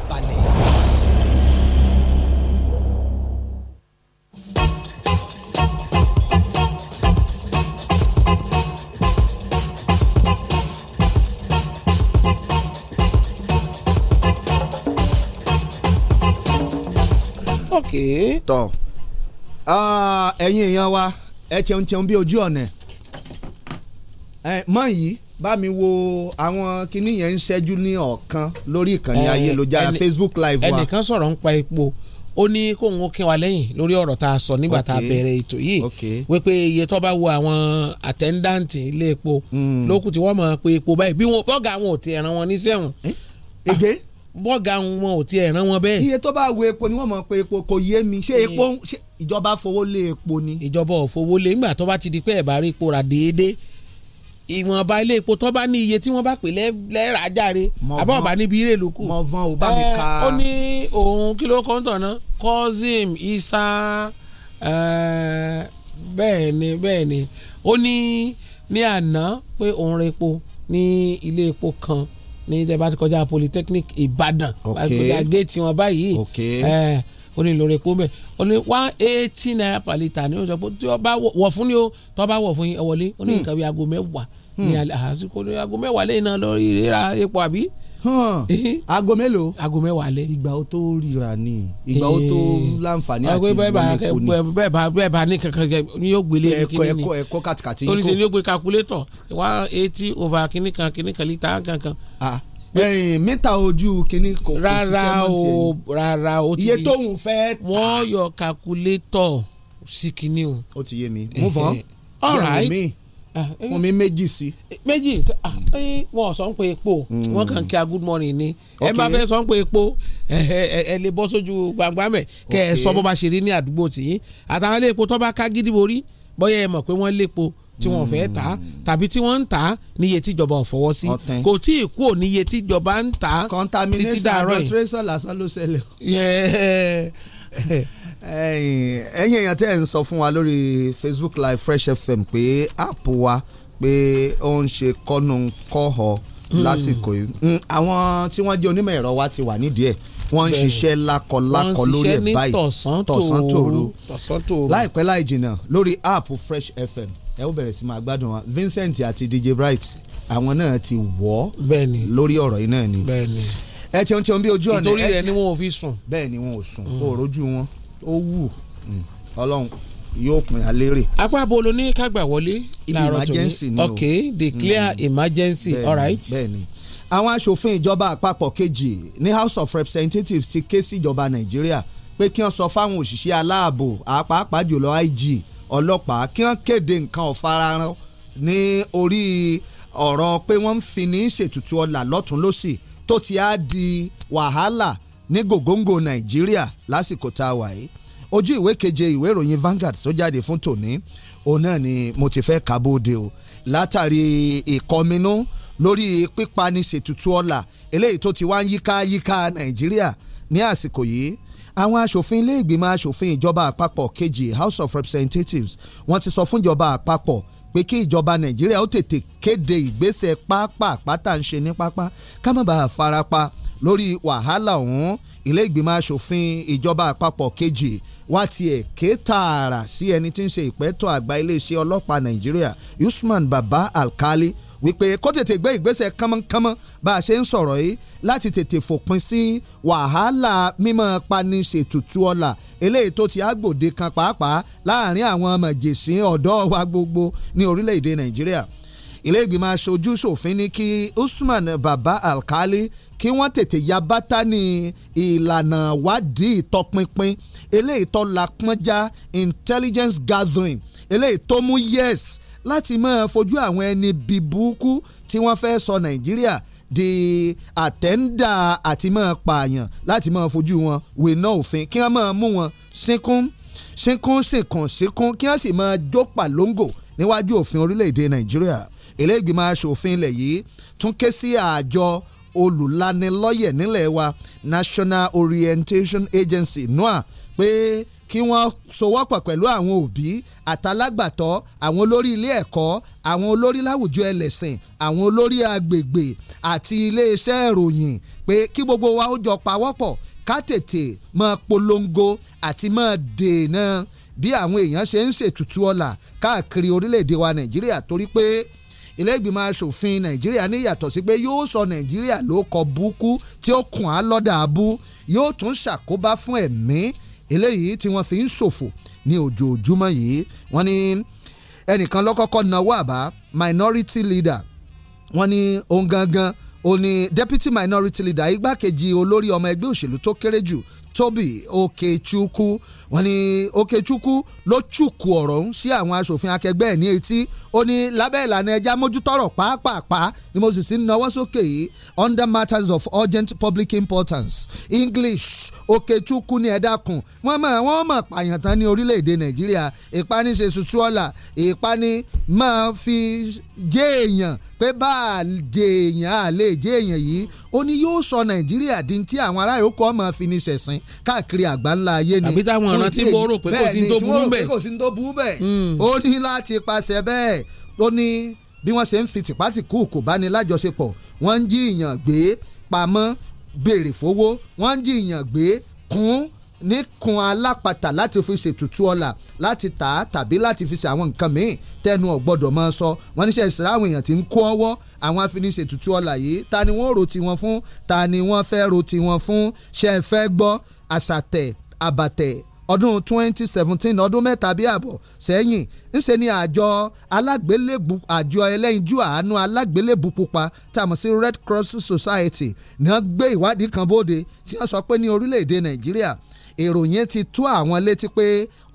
[SPEAKER 4] ok. tọ ẹ̀yin èèyàn wa ẹ cheun cheun bí ojú ọ̀nà ẹ mọ yìí bá mi wo àwọn kinní yẹn ń ṣẹ́jú ní ọ̀kan lórí ìkànnì ayélujára Facebook live wa ẹnìkan
[SPEAKER 5] sọ̀rọ̀ ń pa epo ó ní kóun ó kí wa lẹ́yìn lórí ọ̀rọ̀ tá a sọ nígbà tá a bẹ̀rẹ̀ ètò yìí wípé iye tó bá wo àwọn àtẹ́ndáǹtì ilé epo hmm. lókùtì wọ́n mọ̀ pé epo báyìí bí wọ́n bọ́gà àwọn ò ẹ̀ràn wọn ní sẹ́wọ̀n. èdè eh, bọ́ọ̀gà wọn ò tiẹ̀ rán wọn bẹ́ẹ̀. iye tó bá wo epo ni wọ́n mọ̀ pé epo kò yé mi ṣé epo ìjọba fowó lé epo ni. ìjọba ò fowó lé nígbà tó bá ti di pé ẹ̀ bá rí epo rà déédéé ìwọ̀nba ilé epo tó bá ní iye tí wọ́n bá pè lẹ́ẹ̀rà járe àbá níbi eré ló kù. mọ̀vọ́n ò bá mi ka. ó ní òun kí ló kọ́ ń Isa bẹ́ẹ̀ ni bẹ́ẹ̀ ni ó ní ní àná pé òun ra epo ní ilé epo kan ní ìjẹba ti kọjá polytechnic ìbàdàn kọjá géètì wọn báyìí ó ní lórí epo bẹ́ẹ̀ ó ní one eighty naira per litre ní oṣù tí ó bá wọ̀ fún ni ó tó bá wọ̀ fún yín ẹ wọlé ó ní hmm. nǹkan bí aago mẹ́wàá ní hmm. àsìkò ní aago mẹ́wàá lẹ́yìn náà lórí rírà epo àbí aago mélòó. aago mẹ́wàá lẹ. ìgbà o tó ríra ni ìgbà o tó láǹfààní àti ìgbọ́nìkò ni. bẹ́ẹ̀ bá bẹ́ẹ̀ bá ní kankan ni yóò gbélé ní kíní ni ẹ̀kọ́ ẹ̀kọ́ kàtìkàtì yìí kò. olùsèlú yóò gbé calculator one eighty over kíní kan kíní kan lítà kankan.
[SPEAKER 4] mítà ojú kíní kò kò sí sẹ́mọ̀tì ẹ̀yìn.
[SPEAKER 5] rárá o ti iye tóun fẹ́ ta. wọ́n yọ calculator sí kíní o. ó ti yé mi move on. all right Ah, eh. fún mi méjì sí. méjì ah, eh, wọn sọ pé epo mm. wọn kàn kí a good morning ni ẹ bá fẹ́ sọ pé epo ẹ lè bọ́ sójú gbangba mẹ́ kẹ́ ẹ sọ bó bá ṣe rí ní àdúgbò tìyín àtàwọn ilé epo tó bá ká gidi borí bóyá ẹ mọ̀ pé wọ́n lépo tí wọ́n fẹ́ ta mm. tàbí tí wọ́n ń ta níye tíjọba ò fọwọ́ sí kò tí ì kú níye tíjọba ń ta títí dàárọ̀ yìí. contamination àgbọ̀tírẹ́sọ̀
[SPEAKER 4] lásán ló ṣẹlẹ̀. [LAUGHS] ẹ̀yin èèyàn tẹ́ ẹ̀ ń sọ fún wa lórí Facebook live Fresh FM pé app wa pé ó ń ṣe kọ́nu kọ́họ hmm. lásìkò yìí hmm, àwọn tí wọ́n jẹ́ onímọ̀ ẹ̀rọ wa ti wà nídìí ẹ̀ wọ́n ń ṣiṣẹ́ lákọlákọ lórí ẹ̀ báyìí tọ̀sán tòru láìpẹ́ láì jìnnà lórí app Fresh FM ẹ ó bẹ̀rẹ̀ sí máa gbádùn wa Vincent àti DJ Bright àwọn náà ti wọ̀ lórí ọ̀rọ̀ yìí náà ni ẹ tẹun tẹun bí ojú ọ̀nà ìtorí
[SPEAKER 5] rẹ ni wọn ò fi sùn
[SPEAKER 4] bẹ́ẹ̀ ni wọn ò sùn òòrò hmm. ojú wọn ó wù mm, ọlọ́run yóò pin alérè.
[SPEAKER 5] apá bolo ní kágbà wọlé. ibi emergency ni o ok declare mm. emergency bẹ́ẹ̀ni, all right.
[SPEAKER 4] bẹ́ẹ̀ni àwọn aṣòfin ìjọba àpapọ̀ kejì ní house of representatives ti ké sí ìjọba nàìjíríà pé kí wọ́n sọ fáwọn òṣìṣẹ́ aláàbò àpapàá jùlọ IG ọlọ́pàá kí wọ́n kéde nǹkan ọ̀farahàn ní orí ọ̀rọ̀ pé wọ́n ń fi ní ṣètùtù ọlà lọ́tún lọ́sì tó ti á di wàhálà ní gògóńgò nàìjíríà lásìkò tá a wà yìí ojú ìwé keje ìwé ìròyìn Vanguard tó jáde fún tòní òun náà ni mo ti fẹ́ kábòde o látàrí ìkọminú lórí pípanisètùtù ọ̀la eléyìí tó ti wá ń yíká yíká nàìjíríà ní àsìkò yìí àwọn asòfin ilé ìgbìmọ̀ asòfin ìjọba àpapọ̀ kejì House of Representatives wọ́n ti sọ fún ìjọba àpapọ̀ pé kí ìjọba nàìjíríà ó tètè kéde ìgbésẹ̀ pápá àpáta ń ṣe ní pápá ká má bàa farapa lórí wàhálà ọ̀hún ilé ìgbìmọ̀ asòfin ìjọba àpapọ̀ kejì wá tiẹ̀ ké tààrà sí ẹni tí ń ṣe ìpẹ́tọ̀ àgbà iléeṣẹ́ ọlọ́pàá nàìjíríà Usman Baba Alkali wípé kó tètè gbé ìgbésẹ̀ kánmọ́kánmọ́ bá a ṣe ń sọ̀rọ̀ yìí láti tètè fòpin sí wàhálà mímọ́ paniṣètùtù ọ̀la eléyìí tó ti àgbòde kan pàápàá láàrin àwọn mọ̀jèṣín ọ̀dọ́ wa gbogbo ní orílẹ̀-èdè nàìjíríà ilé ìgbìmọ̀ aṣojú ṣòfin ní kí Usman Baba Alkali kí wọ́n tètè ya bátá ní ìlànà ìwádìí ìtọpinpin eléyìí tó lápọ́njá intelligence gathering eléyìí tó mú yes láti máa fojú àwọn ẹni bíi burúkú tí wọ́n fẹ́ sọ nàìjíríà di àtẹ́ńdà àti máa pààyàn láti máa fojú wọn wèná òfin kí wọ́n máa mú wọn sínkún sínkún sínkún sínkún kí wọ́n sì máa jó pàlóńgò níwájú òfin orílẹ̀-èdè nàìjíríà ilé ìgbìmọ̀ asòfin ilẹ̀ yìí tún ké sí àjọ olùlanilọ́yẹ̀ nílẹ̀ wa National Orientation Agency NOA pé kí wọ́n sowọ́pọ̀ pẹ̀lú àwọn òbí àtàlágbàtọ́ àwọn olórí ilé ẹ̀kọ́ àwọn olórí láwùjọ ẹlẹ́sìn àwọn olórí agbègbè àti iléeṣẹ́ ìròyìn pé kí gbogbo wa ó jọ pawọ́pọ̀ ká tètè máa polongo àti máa dènà bí àwọn èèyàn ṣe ń ṣètùtù ọ̀la káàkiri orílẹ̀-èdè wa Nàìjíríà torí pé ilé ìgbìmọ̀ asòfin nàìjíríà ní yàtọ̀ sí pé yóò sọ nàìjíríà ló kọ búkú tí ó kùn á lọ́dà abú yóò tún ṣàkóbá fún ẹ̀mí eléyìí tí wọ́n fi ń ṣòfò ní ojoojúmọ́ yìí wọ́n ní ẹnìkan lọ́kọ́kọ́ náwó àbá minority leader wọ́n ní ohun gangan ó ní deputy minority leader igbákejì olórí ọmọ ẹgbẹ́ òṣèlú tó kéré jù Toby Okechukwu okay, wọ́n ní Okechukwu ló chukwu ọ̀rọ̀ ń sí àwọn asòfin akẹgbẹ́ ẹ̀ ní etí ó ní lábẹ́ ìlànà ẹja mójútọ́rọ̀ pàápàá ni mo sì sí náwó sókè yìí under matters of urgent public importance English Okechukwu ní ẹ̀dákun wọ́n mọ̀ wọ́n mọ̀ pààyàn tán ní orílẹ̀ Nàìjíríà ìpani ṣe ṣùtú ọ̀la ìpani máa fi jẹ́ èèyàn pé bá a jẹ èèyàn a lè jẹ èèyàn yìí ó ní yóò sọ Nàìjíríà di ti àwọn ará yòókù ọmọ fi ní ṣẹ̀sìn káàkiri àgbáńlá ayé ni ọ̀nà tí mo rò pé kò sí ní tó burú bẹ́ẹ̀ kò sí ní tó burú bẹ́ẹ̀ ó ní láti paṣẹ bẹ́ẹ̀ ó ní bí wọ́n ṣe ń fi tìpátìkù kò bá ní lájọṣepọ̀ wọ́n ń jiyàn gbé pamọ́ béèrè fowó wọ́n ń jiyàn gbé kún ní kun alápatà láti fi ṣètùtù ọ̀la láti tà á tàbí láti fi ṣe àwọn nǹkan míì tẹnu ọ̀gbọ́dọ̀ máa sọ wọ́n níṣẹ́ ìṣẹ́ra àwọn èèyàn ti ń kó ọwọ́ àwọn afiniṣètùtù ọ̀la yìí ta ni wọ́n rò tiwọn fún ta ni wọ́n fẹ́ rò tiwọn fún ṣe é fẹ́ gbọ́ àṣàtẹ̀ ọdún 2017 ọdún mẹ́ta bí àbọ̀ sẹ́yìn ńṣe ni àjọ alágbélébù àjọ ẹlẹ́yinjú àánú alágbélébù pupa tá a mọ̀ sí Red Cross Society ni wọ́n gbé ìwádìí kan bóde tí wọ́n sọ pé ní orílẹ̀-èdè Nàìjíríà ìròyìn ti tú àwọn létí pé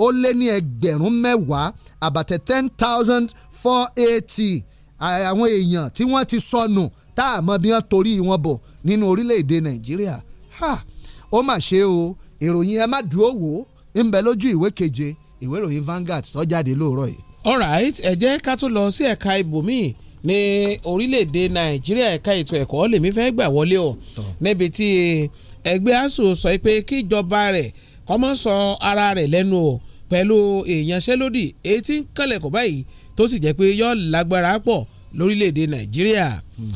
[SPEAKER 4] ó lé ní ẹgbẹ̀rún mẹ́wàá àbàtẹ̀ ten thousand four eighty àwọn èèyàn tí wọ́n ti sọnù tá a mọ̀ bí wọ́n torí wọn bọ̀ nínú orílẹ̀-èdè Nàìjíríà ó mà ṣe
[SPEAKER 5] o ìròyìn ẹ má dúró wò ó ń bẹ lójú ìwé keje ìwé ìròyìn Vanguard tó jáde lóòrọ̀ yìí. alright ẹ jẹ́ ká tó lọ sí ẹ̀ka ibòmíì ní orílẹ̀-èdè Nàìjíríà ẹ̀ka ètò ẹ̀kọ́ lèmi fẹ́ gbà wọlé o níbi tí ẹgbẹ́ ASUU sọ pé kíjọba rẹ̀ kọ́mọ́ sọ ara rẹ̀ lẹ́nu o pẹ̀lú ìyanṣẹ́lódì etí ń kànlẹ̀ kọ́ báyìí tó sì jẹ́ pé yọ lágbára pọ̀ lórílẹ̀‐èdè nàìjíríà. Hmm.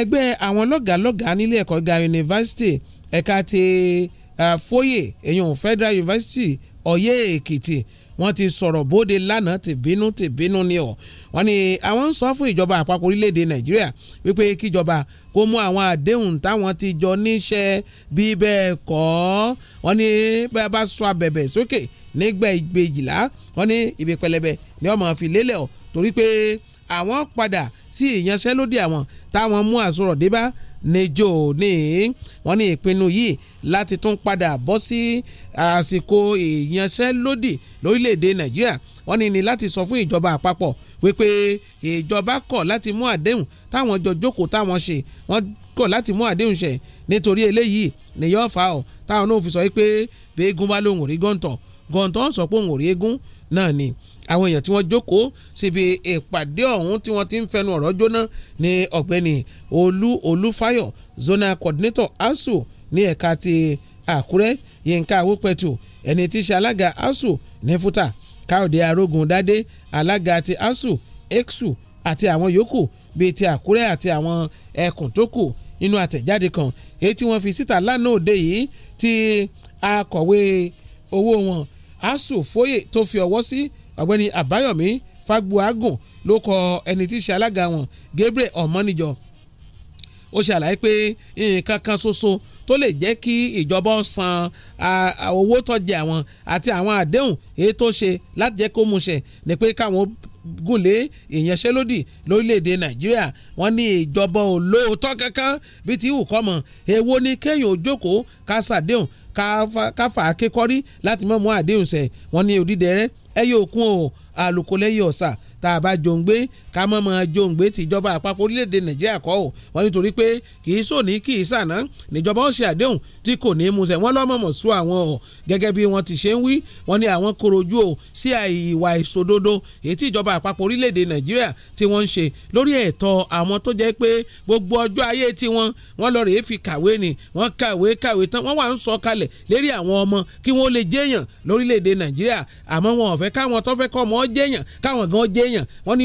[SPEAKER 5] ẹgbẹ́ àwọn lọ́gàá lọ́gàá nílé ẹ̀kọ́ ga yunifásitì ẹ̀ka ti. Mm Eh, Foye èyàn Federal University Ọ̀yẹ́ Èkìtì wọ́n ti sọ̀rọ̀ bóde lánàá tìbínú tìbínú ni ọ̀ wọ́n ní àwọn ń sọ fún ìjọba àpapọ̀ orílẹ̀‐èdè Nàìjíríà wípé kíjọba kó mú àwọn àdéhùn táwọn ti jọ níṣẹ́ bí bẹ́ẹ̀ kọ́ wọ́n ní bẹ́ẹ̀ bá sọ abẹ̀bẹ̀ sókè nígbà ìgbèjìlá wọ́n ní ibi pẹlẹbẹ ni ọmọ fi lélẹ̀ ọ̀ torí pé àwọn padà sí ìyanṣẹ́lódì àwọn táwọn mú àsọ̀rọ̀ débá níjó ní wọ́n ní ìpinnu yìí láti tún padà bọ́ sí àsìkò ìyanṣẹ́lódì lórílẹ̀‐èdè nàìjíríà wọ́n ní ní láti sọ fún ìjọba àpapọ̀ wípé ìjọba kọ̀ láti mú àdéhùn táwọn jọ jókòó táwọn ṣe wọ́n kọ̀ láti mú àdéhùn ṣe nítorí eléyìí nìyọ́ fà ọ́ táwọn náà fi sọ wípé bí eégún bá lóhùn rí gọ́ǹtọ̀ gọ́ǹtọ̀ sọ pé òun ò rí eégún náà ni àwọn èèyàn tí wọ́n jókòó síbi ìpàdé ọ̀hún tí wọ́n ti ń fẹnu ọ̀rọ̀ jóná ní ọ̀gbẹ́ni olú olúfáyọ̀ zonal coordinator asu ní ẹ̀ka ti àkúrẹ́ yínká awópẹ̀tù ẹni tí í ṣe alága asu ní fúta káyọ̀dé arógun dádé alága ti asu exu àti àwọn yòókù bíi ti àkúrẹ́ àti àwọn ẹkùn tó kù nínú àtẹ̀jáde kan èyí tí wọ́n fi síta lánàá òde yìí ti akọ̀wé owó wọn asu fóyè tó fi ọwọ́ sí si, ọ̀gbẹ́ni àbáyọ̀mí fagbuagun ló kọ ẹni tí í ṣe alága wọn gabriel ọ̀mọ́nìjọ ó ṣàlàyé pé nǹkan kan ṣoṣo tó lè jẹ́ kí ìjọba san owó tọ́jà àwọn àti àwọn àdéhùn èyí tó ṣe láti jẹ́ kó mú ṣẹ ni pé káwọn gúnlé ìyanṣẹ́lódì lórílẹ̀‐èdè nàìjíríà wọ́n ní ìjọba olóòótọ́ kankan bíi ti ìwù kọ́mọ èwo ni kéèyàn ó jókòó ká ṣàdéhùn káfà kékọ́rí láti mọ̀ mú àdéhùn ṣẹ wọ́n ní òdìdẹrẹ́ ẹyẹ òkun o àlùkò lẹ́yìn ọ̀sà tá a bá jòǹgbé ká mọ̀ mọ̀ jòǹgbé tìjọba àpapọ̀ orílẹ̀-èdè nàìjíríà kọ́ ò wọ́n nítorí pé kì í sòní kì í sàná níjọba ó ṣe àdéhùn tí kò ní í mú ṣẹ wọ́n lọ́mọ̀mọ̀ sú àwọn gẹ́gẹ́ bí wọ́n ti ṣe ń wí wọ́n ní àwọn korojú o sí ìwà ìṣòdodo èyí tí ìjọba àpapọ̀ orílẹ̀-èdè nàìjíríà tí wọ́n ń ṣe lórí ẹ̀tọ́ àwọn tó jẹ́ pé gbogbo ọjọ́ ayé tí wọ́n wọ́n lọ rèé fi kàwé ni wọ́n kàwé kàwé tán wọ́n wà ń sọ kalẹ̀ lérí àwọn ọmọ kí wọ́n lè jẹ́yàn lórílẹ̀-èdè nàìjíríà àmọ́ wọn ò fẹ́ káwọn tó fẹ́ kọ́ ọmọ jẹ́yàn káwọn gan jẹ́yàn wọ́n ní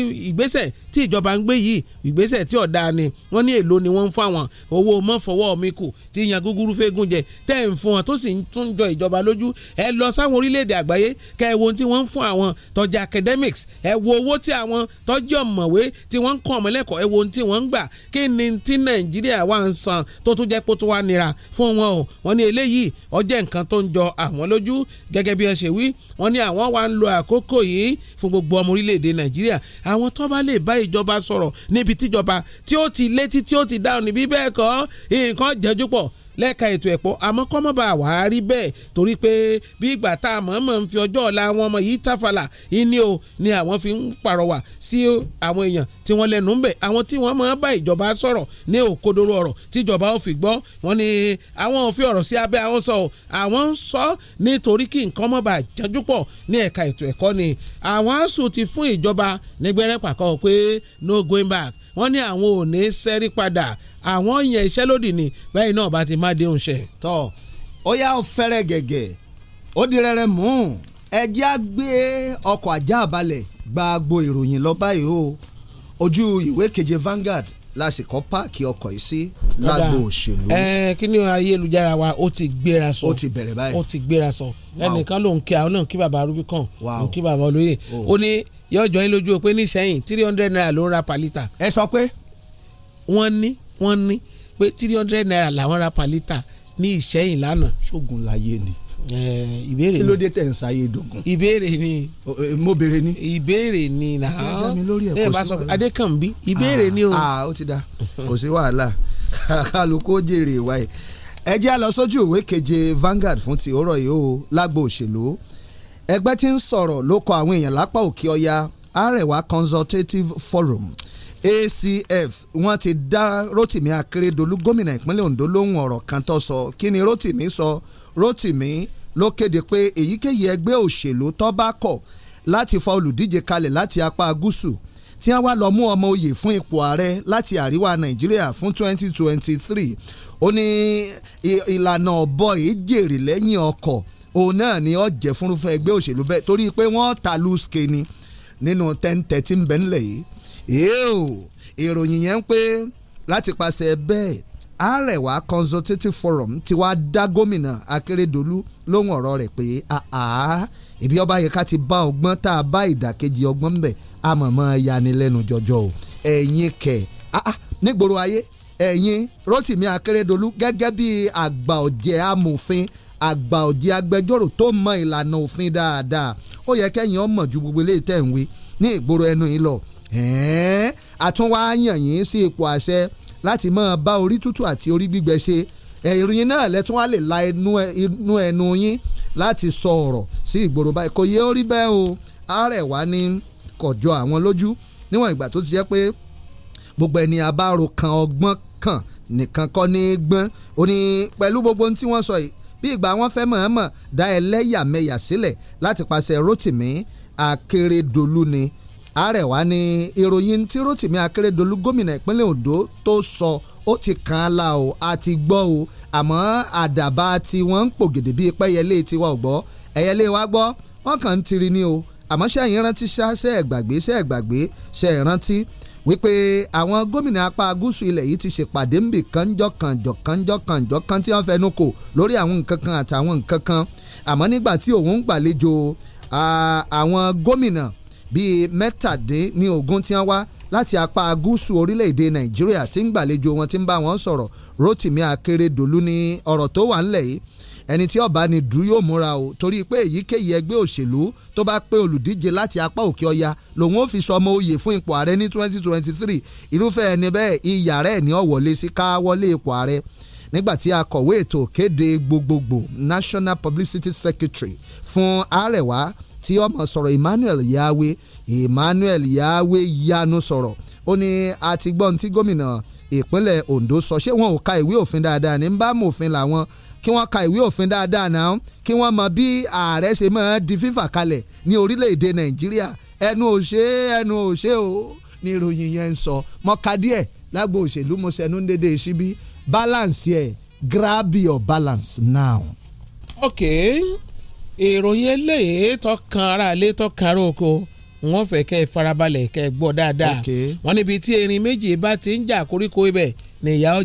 [SPEAKER 5] lójú ẹ lọ sáwọn orílẹ̀-èdè àgbáyé kẹ́ ẹ wo ohun tí wọ́n ń fún àwọn tọ́jà academics ẹ wo owó tí àwọn tọ́jú ọ̀mọ̀wé tí wọ́n ń kọ́ ọ̀mọ̀lẹ́kọ̀ọ́ ẹ wo ohun tí wọ́n ń gbà kí ni tí nàìjíríà wà ń san tó tún jẹ́ pé tó wà nira fún wọn o wọ́n ní eléyìí ó jẹ́ nǹkan tó ń jọ àwọn lójú gẹ́gẹ́ bí ẹ ṣe wí wọ́n ní àwọn wà ń lo àkókò yìí fún gbogbo ọmọ orílẹ̀-èdè nàìjíríà àwọn tó bá lè bá ìjọba sọ̀rọ̀ níbi tíjọba tí ó ti létí tí ó ti dáhùn níbí bẹ́ẹ̀ kọ́ nǹkan jẹ́jú pọ̀ lẹ́ka ètò ẹ̀kọ́ àmọ́ kọ́mọ́bà wà á rí bẹ́ẹ̀ torí pé bí ìgbà tá a mọ̀ọ́mọ̀ ń fi ọjọ́ ọ̀la àwọn ọmọ yìí tàfàlà ìní o ni àwọn fi ń pàrọwà sí àwọn èèyàn tí wọ́n lẹ́nu ń bẹ̀ àwọn tí wọ́n máa bá ìjọba sọ̀rọ̀ ní òkodoro ọ̀rọ̀ tíjọba ò fi gbọ́ wọn ni àwọn ò fi ọ̀rọ̀ sí abẹ́ àwọn sọ àwọn ń sọ nítorí kí nǹkan mọ̀ọ́bà jájú pọ̀ ní ẹ̀ka ètò ẹ̀kọ́ ni àwọn asùn ti fún ìjọba nígbẹ́rẹ́ pàkọ́ pé no going back wọ́n ní àwọn ò ní sẹ́rí padà àwọn yẹn iṣẹ́ lódì ni báyìí náà bá ti má dé òun ṣe. tọ ó yá ó fẹ́rẹ̀ gẹ̀gẹ̀ ó di rẹrẹ mú ẹjẹ́ á gbé ọkọ̀ ajá balẹ̀
[SPEAKER 4] gbàgbó ìròyìn lọ báyìí o ojú ìwé keje Vanguard lásìkò páàkì ọkọ̀ yìí sí lágbo òṣèlú.
[SPEAKER 5] ẹ kí ni ayélujára wa ó ti gbéra sọ ó ti bẹ̀rẹ̀ báyìí ó ti gbéra sọ ẹnìkan ló ń kí àwọn náà kí bàbá Rubicon òun kí bàbá olóyè oh. ó ní yóò jọ yín lójú o pé three hundred naira ló ń ra per litre. ẹ sọ pé. wọ́n ní wọ́n ní pé three hundred naira làwọn ra per litre ní ìṣẹ́yìn lánàá. ṣoògùn
[SPEAKER 4] láyé ni ìbéèrè ni kí ló dé tẹ̀ ń dogun. ìbéèrè ni. mo béèrè ni. ìbéèrè ni na. ajá mi lórí ẹ̀ sí wàhálà. adékànbí ìbéèrè ni o. aa ah, ah, ó ti da kò sí wàhálà [LAUGHS] kálukú ó jèrè ìwà ẹ jẹ́ a sójú ìwé keje Vanguard fún ti òórọ̀ yìí o lágbo òṣèlú ẹgbẹ́ tí ń sọ̀rọ̀ ló kọ àwọn èèyàn lápá òkè ọya Arewa Consultative Forum ACF wọ́n ti dá Rotimi Akeredolu gómìnà ìpínlẹ̀ Ondo lóhùn ọ̀rọ̀ kan tó sọ kí ni Rotimi sọ Rotimi ló kéde pé èyíkéyìí ẹgbẹ́ òṣèlú tó bá kọ̀ láti fa olùdíje kalẹ̀ láti apá gúúsù tí wọ́n wá lọ mú ọmọ oyè fún ipò ààrẹ láti àríwá nàìjíríà fún 2023 ó ní ìlànà ọ̀bọ yìí jèrè lẹ́yìn ọkọ̀ òun náà ni ó jẹ́ fúnrúfẹ́ ẹgbẹ́ òṣèlú bẹ́ẹ̀ torí pé wọ́n ta lùsùkè ni nínú ten thirty ń bẹ́ ńlẹ̀ yìí èèò ìròyìn yẹn ń pé láti pàṣẹ bẹ́ẹ̀ Arewa Consultative Forum ti wá dá gómìnà Akérédolú lóhùn ọ̀rọ̀ rẹ̀ pé àá ibi ọba yẹ ká ti bá ọgbọ́n tá a bá ìdàkejì ọgbọ́n bẹ̀ àmọ̀mọ́ yanilẹ́nu jọjọ o ẹ̀yin kẹ̀ nígboro ayé ẹ̀yin Rotimi Akérédolú gẹ́gẹ́ bí àgbà ọ̀jẹ̀ amòfin àgbà òjì agbẹjọ́rò tó mọ ìlànà òfin dáadáa ó yẹ kẹ́yìn ọmọ ju gbogbo ilé tẹ̀ ń wé ní ìgboro ẹnu yìí lọ àtúnwá yàn yín sí ipò àṣẹ láti máa bá orí tútù àti orí gbígbẹ ṣe ìròyìn náà lẹ́tún wá lè la inú ẹnu yín láti sọ ọ̀rọ̀ sí ìgboro báyìí kò yẹ orí bẹ́ẹ̀ o Arẹwà ní kọjọ àwọn lójú níwọ̀n ìgbà tó ti jẹ́ pé gbogbo ẹni abáro kan ọgbọ́n kan nìkan kọ́ ní gbọ́n ó ní pẹ̀lú gbogbo ohun tí wọ́n sọ yìí bí ìgbà wọn fẹ́ mọ̀ọ́mọ̀ dá ẹlẹ́yàmẹ̀yà sílẹ̀ láti pàṣẹ Rotimi Akérédolú ni Arẹwà ni ìròyìn tí Rotimi Akérédolú gómìnà ìpínlẹ̀ Ondo tó sọ ó ti kàn án la o àti gbọ́ o àmọ́ àdàbà tí wọ́n ń pògèdè bíi pẹ́yẹlé tiwa ò gbọ́ ẹ̀yẹlé wa gbọ́ wọ́n kàn ń tiri ni o àmọ́ ṣẹ́yìn rántí ṣe é gbàgbé ṣe é ṣe é wípé àwọn gómìnà apá gúúsù ilẹ̀ yìí ti ṣèpàdé ńbì kànjọ́kànjọ́ kànjọ́kànjọ́ kan tí wọ́n fẹnu kò lórí àwọn nǹkan kan àtàwọn nǹkan kan àmọ́ nígbà tí òun ń gbàlejò àwọn gómìnà bíi mẹ́tàdínlógún tí wọ́n wá láti apá gúúsù orílẹ̀-èdè nàìjíríà tí ń gbàlejò wọn tí ń bá wọn sọ̀rọ̀ rotimi akeredolu ní ọ̀rọ̀ tó wà ńlẹ̀ yìí ẹni tí ọba ni dù yóò múra o torí pé èyíkéyìí ẹgbẹ́ òṣèlú tó bá pé olùdíje láti apá òkè ọya lòun ó fi sọmọ oyè fún ipò ààrẹ ní 2023 irúfẹ́ ẹni bẹ́ẹ̀ iyà rẹ̀ ní ọ̀wọ́lé sí ká wọlé ipò ààrẹ nígbàtí akọ̀wé ètò kéde gbogbogbò National Publicity Secretary fún Arewa tí ọmọ sọ̀rọ̀ Emmanuel Yawe Emmanuel Yawe yanu sọ̀rọ̀ ó ní àtìgbọ́n tí gómìnà ìpínlẹ̀ Ondo sọ ṣé wọn ò ka ìwé òfin dáadáa ní bá mòfin làwọn kí wọ́n ka ìwé òfin dáadáa náà kí wọ́n mọ bí ààrẹ ṣe máa di fífà kalẹ̀ ní orílẹ̀-èdè nàìjíríà ẹnu òṣè ẹnu òṣè o ni ìròyìn yẹn ń sọ mọ́ka díẹ̀ lágbo òṣèlú mo ṣẹnu dédé síbí balance yẹ grab your balance now.
[SPEAKER 5] ok ìròyìn eléyìí tó ara ilé tó ara oko wọ́n fẹ́ kẹ́ ẹ farabalẹ̀ kẹ́ dáadáa wọ́n níbi tí erin méjì bá ti ń jà koríko ibẹ̀ nìyà ọ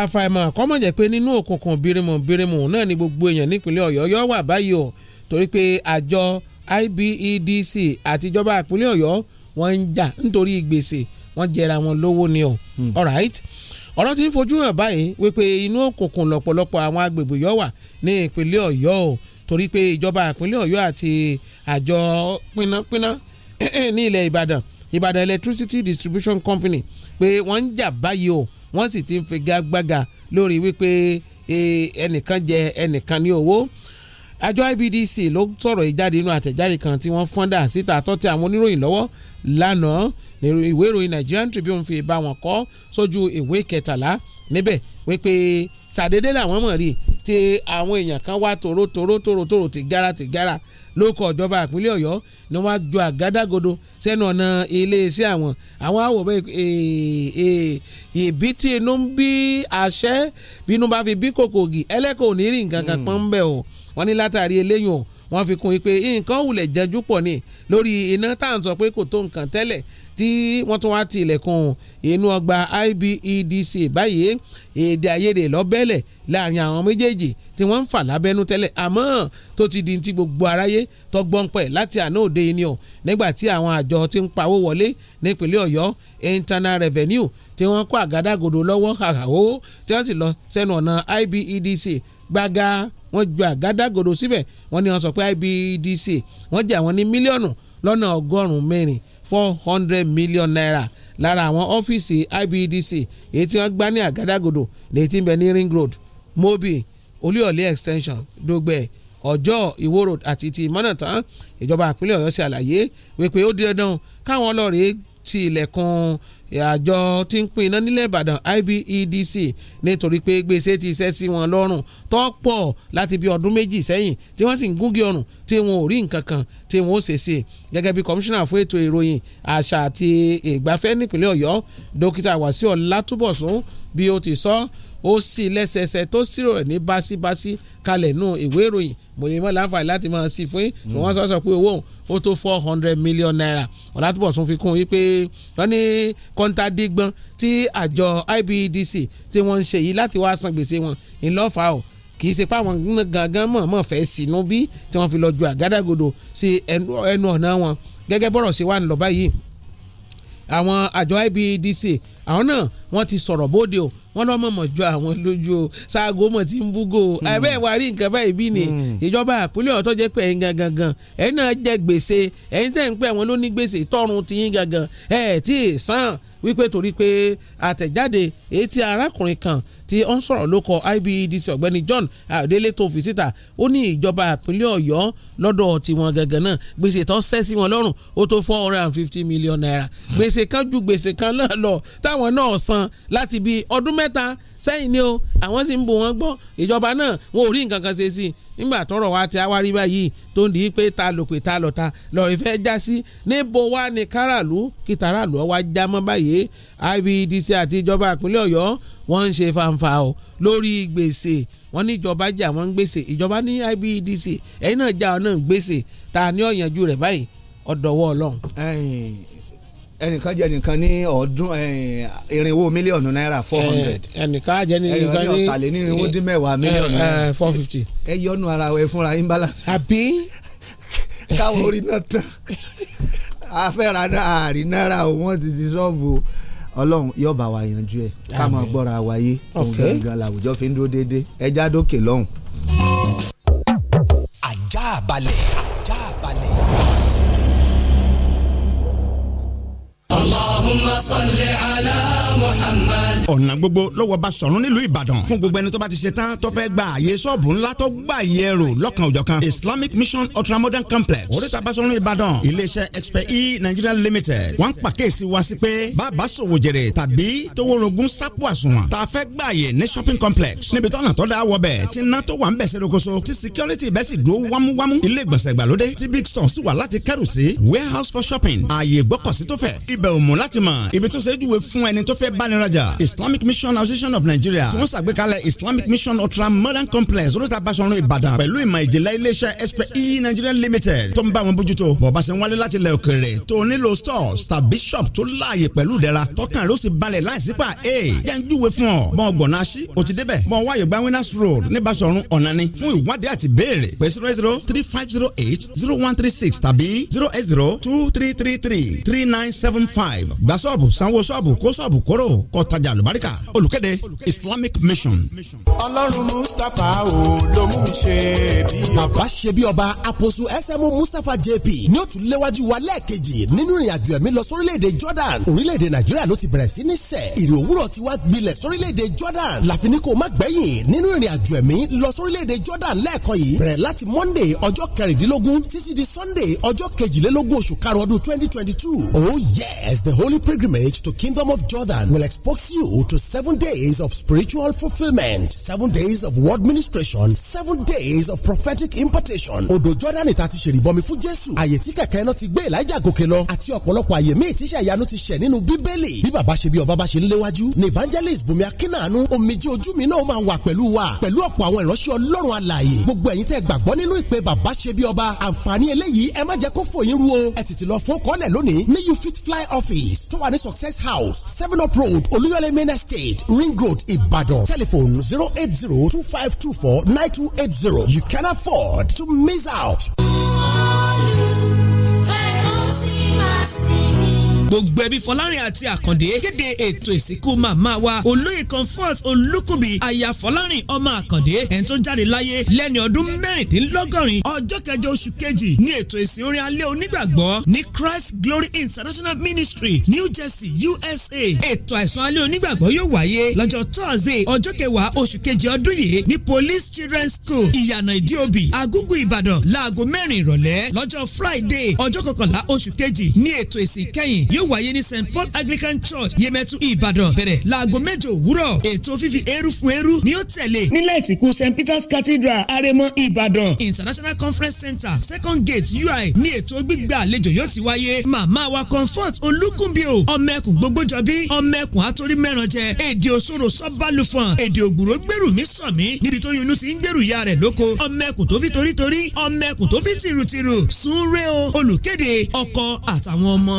[SPEAKER 5] àfàìmọ̀ kọ́mọ̀jẹ̀ pé nínú òkùnkùn bírímù bírímù náà ni gbogbo èèyàn nípínlẹ̀ ọ̀yọ́ yọ wà báyìí o torí pé àjọ IBEDC àtijọba ìpínlẹ̀ ọ̀yọ́ wọ́n ń jà nítorí gbèsè wọ́n jẹra wọn lówó ni o hmm. alright ọ̀rọ̀ tí ń fojú hàn báyìí wípé inú òkùnkùn lọ̀pọ̀lọpọ̀ àwọn agbègbè yọ wà ní ìpínlẹ̀ ọ̀yọ́ o torí pé ìjọba ìpínlẹ̀ ọ̀yọ́ àti àjọ pínápíná [CLEARS THROAT] ní ilẹ̀ ìbàdàn ìbàdàn electricity distribution company pé wọ́n ń jà báyìí o wọ́n sì ti ń figagbága lórí wípé e, ẹnìkan jẹ ẹnìkan ní owó àjọ IBDC ló sọ̀rọ̀ ìjáde inú àtẹ̀jáde kan tí wọ́n fọ́ndà síta àtọ́tẹ́ àwọn oníròyìn lọ́wọ́ lánàá ìwé ìròyìn Nigerian Tribune fi bá wọn kọ́ sójú ìwé kẹtàlá níbẹ̀ wípé sàdédé làwọn mọ̀ rí tí àwọn èèyàn kan wá tòrótòrótòrótòrò tìgára tìgára ló kọ ìjọba ìpínlẹ̀ ọ̀yọ́ ni wọ́n á ju àgádágodo sẹ́nu ọ̀nà iléeṣẹ́ àwọn àwọn àwòrán ìbí tí inú ń bí àṣẹ bínú bá fi bí kòkògì ẹlẹ́kọ̀ọ́ ò ní rí nǹkan kan hmm. pọ́n ń bẹ̀ o wọ́n ní látàrí eléyìí o wọ́n fi kún i pé nǹkan òwúlẹ̀ jẹjú pọ̀ ni lórí iná tá à ń sọ pé kò tó nǹkan tẹ́lẹ̀ tí wọ́n tún wá ti inú ọgbà IBEDC báyìí èdè àìyedè lọ́bẹ̀lẹ̀ láàrin àwọn méjèèjì tí wọ́n ń fà lábẹ́nú tẹ́lẹ̀ àmọ́ tó ti di ti gbogbo aráyé tó gbọ́n pẹ̀ láti àná òde ni o nígbà tí àwọn àjọ tí ń pawó wọlé nípínlẹ̀ ọ̀yọ́ internal revenue tí wọ́n kó àgádágodo lọ́wọ́ àhàwó tí wọ́n sì lọ sẹ́nu ọ̀nà IBEDC gbága wọ́n ju àgádágodo síbẹ̀ wọ́n ní wọ́n sọ pé IBEDC wọ́n jẹ́ àwọn ní mílíọ̀nù lọ́nà ọgọ́rùn-ún mẹ́rin four hundred million naira lára àwọn ọ́fíìsì IBEDC èyí tí wọ́n gbá ní àgádágodo lèyí tí ń ní ring road mobi olúyọ̀lé extension Dogbe. ọjọ́ ìwó road àti ti mọ́nàtán ìjọba àpínlẹ̀ ọ̀yọ́ sí àlàyé wípé ó di dandan káwọn ọlọ́ọ̀rẹ́ ti ilẹ̀kùn àjọ tí ń pín iná nílẹ̀ ìbàdàn IBEDC nítorí pé gbèsè ti ṣẹ́ sí wọn lọ́rùn tó pọ̀ láti bí ọdún méjì sẹ́yìn tí wọ́n sì ń gúngi ọrùn tí wọn ò rí nǹkan kan tí wọn ò ṣe sí gẹ́gẹ́ bí kọmíṣánná fún ètò ìròyìn àṣà àti ìgbafẹ́ nípínlẹ̀ ọ̀yọ́ dókítà wàsíù ọlátúbọ̀sún bí ó ti sọ ó sì lẹ́sẹẹsẹ tó sírò rẹ̀ ní báṣíbáṣí kalẹ̀ nù ìwé ìròyìn mòyìnbó láǹfààní láti máa sí fún yín ni hmm. wọ́n sọ̀sọ̀ pé owó òun ó tó four hundred million naira ọ̀làtúbọ̀sùn fi kún wípé wọ́n ní kọ́ńtàdígbọ́n tí àjọ IBEDC tí wọ́n ń ṣe yìí láti wá san gbèsè wọn ńlọ́fà ò kì í ṣe pé àwọn gangan mọ̀ọ́mọ̀ fẹ́ sínú bí tí wọ́n fi lọ ju àgádágodo sí ẹnu ọ̀nà wọn gẹ́gẹ́ bọ́rọ̀ ṣe wà ń lọ báyìí àwọn àjọ IBEDC àwọn náà wọ́n ti sọ̀rọ̀ bóde o wọ́n lọ́mọ̀ mọ̀ jọ àwọn lójú o ṣaago mọ̀ tí ń búgò ẹ̀bẹ́ hmm. ìwà rí nǹkan báyìí bí ni hmm. ìjọba àpínlẹ̀ ọ̀tọ́ jẹ́ pé ẹ̀yin gangan gan ẹ̀yin náà jẹ gbèsè ẹ̀yin tẹ̀ ń pẹ́ wọn ló ní gbèsè tọrùn tiyín gangan ẹ̀ tí ì san wípé torí pé àtẹ̀jáde èyí tí arákùnrin kan tí ó ń sọ̀rọ̀ ló kọ IBEDC ọ̀gbẹ́ni John Adele tó fi síta ó ní ìjọba ìpínlẹ̀ Ọ̀yọ́ lọ́dọ̀ tiwọn gẹ́gẹ́ náà gbèsè tó ṣẹ́ sí wọn lọ́rùn ó tó four hundred and fifty million naira gbèsè kan ju gbèsè kan náà lọ táwọn náà san láti bí ọdún mẹ́ta sẹ́yìn ni o àwọn sì ń bò wọ́n gbọ́ ìjọba náà wọn ò rí nǹkan kan ṣe sí i nígbà tọ́rọ̀ wa ti awárí báyìí tó ń di pé ta lòpè ta lọ̀ta lọ́rọ̀ ìfẹ́ já sí níbo wa ni káràlú kí tàràlú ọwá já mọ́ báyìí IBEDC àti ìjọba ìpínlẹ̀ Ọ̀yọ́ wọ́n ń ṣe fanfa o lórí gbèsè wọ́n ní ìjọba jà wọ́n ń gbèsè ìjọba ní IBEDC ẹ̀yin náà já ọ náà ń gbèsè ta ni ó rẹ̀ báyìí ọ̀dọ̀wọ́ Ọlọ́run ẹnìkan jẹ ẹnìkan ní ọdún irinwó mílíọ̀nù
[SPEAKER 4] náírà four hundred
[SPEAKER 5] ẹnìkan jẹ ẹnìkan ní ọ̀tàlénírínwó dín mẹ́wàá mílíọ̀nù náírà four fifty
[SPEAKER 4] ẹ yọnu ara ẹ fúnra yín balance. àbí. [LAUGHS] káwọn orí náà tán afẹ́ra àárín náírà o wọ́n ti ti sọ́ọ̀bù ọlọ́run yóò bá wa yanjú ẹ̀ ká máa gbọ́ra wa yé òun gangan làwùjọ fi ń dúró déédéé ẹja dókè lọ́hùn.
[SPEAKER 6] ajá balẹ̀.
[SPEAKER 2] Allahumma salli ala Muhammad.
[SPEAKER 14] ọ̀nà gbogbo lọ́wọ́ Basọ̀rún nílùú Ìbàdàn fún gbogbo ẹni tó bá ti ṣe tán tó gba àyè sọ́ọ̀bù ńlá tó gbà yẹ rò lọ́kàn òjọ̀kan Islamic Mission Ultramodern Complex oríta Basọ̀rún Ìbàdàn iléeṣẹ́ Expert E Nigeria Limited wọ́n ń pàkíyèsí wa sí pé bàbá sòwò jèrè tàbí toworogun sápò àsùnwọ̀n tá a fẹ́ gba àyè ní shopping complex níbi tọ́nà tó dáa wọ bẹ̀ tí ná tó wà ń bẹ̀ sẹ́dọ̀kọ́sọ security bẹ́ẹ̀ sì dúró wámúwámú ilé ìgbọ̀nsẹ̀ ìgbàlódé store sì wà láti kẹ́rù warehouse for shopping àyè gbọ́kọ̀sí tó fẹ̀ bẹ̀ ò mú láti mọ̀ ibi tó ṣe júwe fún ẹni tó fẹ́ báni rajà Islamic Mission Association of Nigeria tí wọ́n ṣàgbékalẹ̀ Islamic Mission Ultra Modern Complex olóòtú abáṣọrun Ibadan. pẹ̀lú ìmọ̀ ìjìnlẹ̀ iléeṣẹ́ E Nigeria Limited tó ń bá wọn bójútó bọ̀bá ṣe ń wálé láti ilẹ̀ òkèrè tó nílò stores ta bishop tó láàyè pẹ̀lú ìdẹ́ra tọkàn rẹ ó sì balẹ̀ láìsí pa e jẹ́ ń júwe fún ọ mọ ọgbọ̀n náà o ti débẹ̀ mọ wáyé gba winners road ní Basọ̀run ọ̀nani fún ìwádìí àti béèrè pé zero zero three five zero eight zero one three six tàbí zero eight zero two three three three three nine seven five gba sọ́ọ̀bù sanwó sọ́ọ̀bù kó sọ́ọ̀bù kóró kọ́ tajà àlùbáríkà olùkéde Islamic Mission.
[SPEAKER 1] ọlọ́run Mustapha o ló mú mi
[SPEAKER 6] ṣe bí ọba. bàbá ṣe bí ọba àpòsù SMO Mustapha JP ní ó tún léwájú wa lẹ́ẹ̀kejì nínú ìrìnàjò ẹ̀mí lọ sórílẹ̀-èdè Jordan orílẹ̀-èdè Nàìjíríà ló ti bẹ̀rẹ̀ sí ní sẹ̀ ìrìn òwúrọ̀ ti wá gbilẹ̀ sórílẹ̀-èdè Jordan láfi ní kó má gbẹ̀yìn nínú ìrìnàjò Jordan lẹ́ẹ̀kan yìí bẹ̀rẹ̀ Monday ọjọ́ kẹrìndínlógún títí di Sunday ọjọ́ kejìlélógún oṣù karùn-ún ọdún twenty twenty two oh yeah As the holy pilgrimage to Kingdom of Jordan will expose you to seven days of spiritual fulfillment, seven days of word ministration, seven days of prophetic impartation. Odo Jordan itati sheri bomi fu Jésù. Àyè tí kẹ̀kẹ́ náà ti gbé Elijah gòkè lọ àti ọ̀pọ̀lọpọ̀ àyè míì tíṣà ìyanu ti ṣẹ̀ nínú Bíbélì. Bí bàbá ṣe bí ọba bá ṣe ń léwájú ni evangelist Bùnmi Akínàánú omijì ojú mi náà máa wà pẹ̀lú wa pẹ̀lú ọ̀pọ̀ àwọn ìránṣẹ́ Ọlọ́run alààyè. Gbogbo ẹ̀yin tẹ́ gbàgbọ́ nínú ìpè bàbá ṣe bí ọba. Àǹfààní eléyìí ẹ má jẹ́ kó fòyín ru o. Ẹ tètè lọ fún kọ́lẹ̀ lónìí ní You Fit Fly office tó wà ní success house seven up road olúyọlé main estate ring road ìbàdàn telephone zero eight zero two five two four nine two eight zero you can afford to miss out.
[SPEAKER 12] gbogbo ẹbí fọlárin àti àkàndé kéde ètò ìsìnkú màmá wa olóyè comfort olùkùbí aya fọlárin ọmọ àkàndé ẹni tó jáde láyé lẹ́ni ọdún mẹ́rìndínlọ́gọ́rin ọjọ́ kẹjọ oṣù kejì ní ètò ìsìn orin alẹ́ onígbàgbọ́ ní christ glory international ministry new jersey usa ètò àìsàn alẹ́ onígbàgbọ́ yóò wáyé lọ́jọ́ thursday ọjọ́ kẹwàá oṣù kejì ọdún yìí ní police children's school ìyànà ìdíòbí àgúgù ìbàdàn láago mẹ́rin ìrọ̀lẹ́ lọ́jọ́ friday ọjọ́ kọkànlá oṣù kejì ní ètò ìsìn kẹ́yìn yóò yóò wáyé ní st paul anglican church yemẹtu ìbàdàn bẹ̀rẹ̀ láago mẹ́jọ òwúrọ̀ ètò fífi eérú fún eérú ni ó tẹ̀lé nílẹ̀ ìsìnkú st peter's cathedral àrèmọ ìbàdàn international conference center second gate ui ní ètò gbígbà àlejò yóò ti wáyé màmá wa comfort olúkúnbíò ọmẹkùn gbogbojọbí ọmẹkùn àtòrí mẹ́ràn jẹ èdè òṣòro sọ́bálùfọ̀n èdè ògbùrò gbèrú mi sàn mí níbi tó yunú ti ń gbèrú ya rẹ̀ lóko ọmẹkùn tó fi torítorí ọmẹkùn tó fi tìrùtìrù sùn rẹ́ o olùkéde ọkọ
[SPEAKER 9] àtàwọn ọmọ.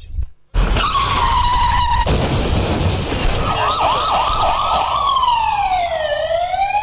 [SPEAKER 7] Ah! [LAUGHS]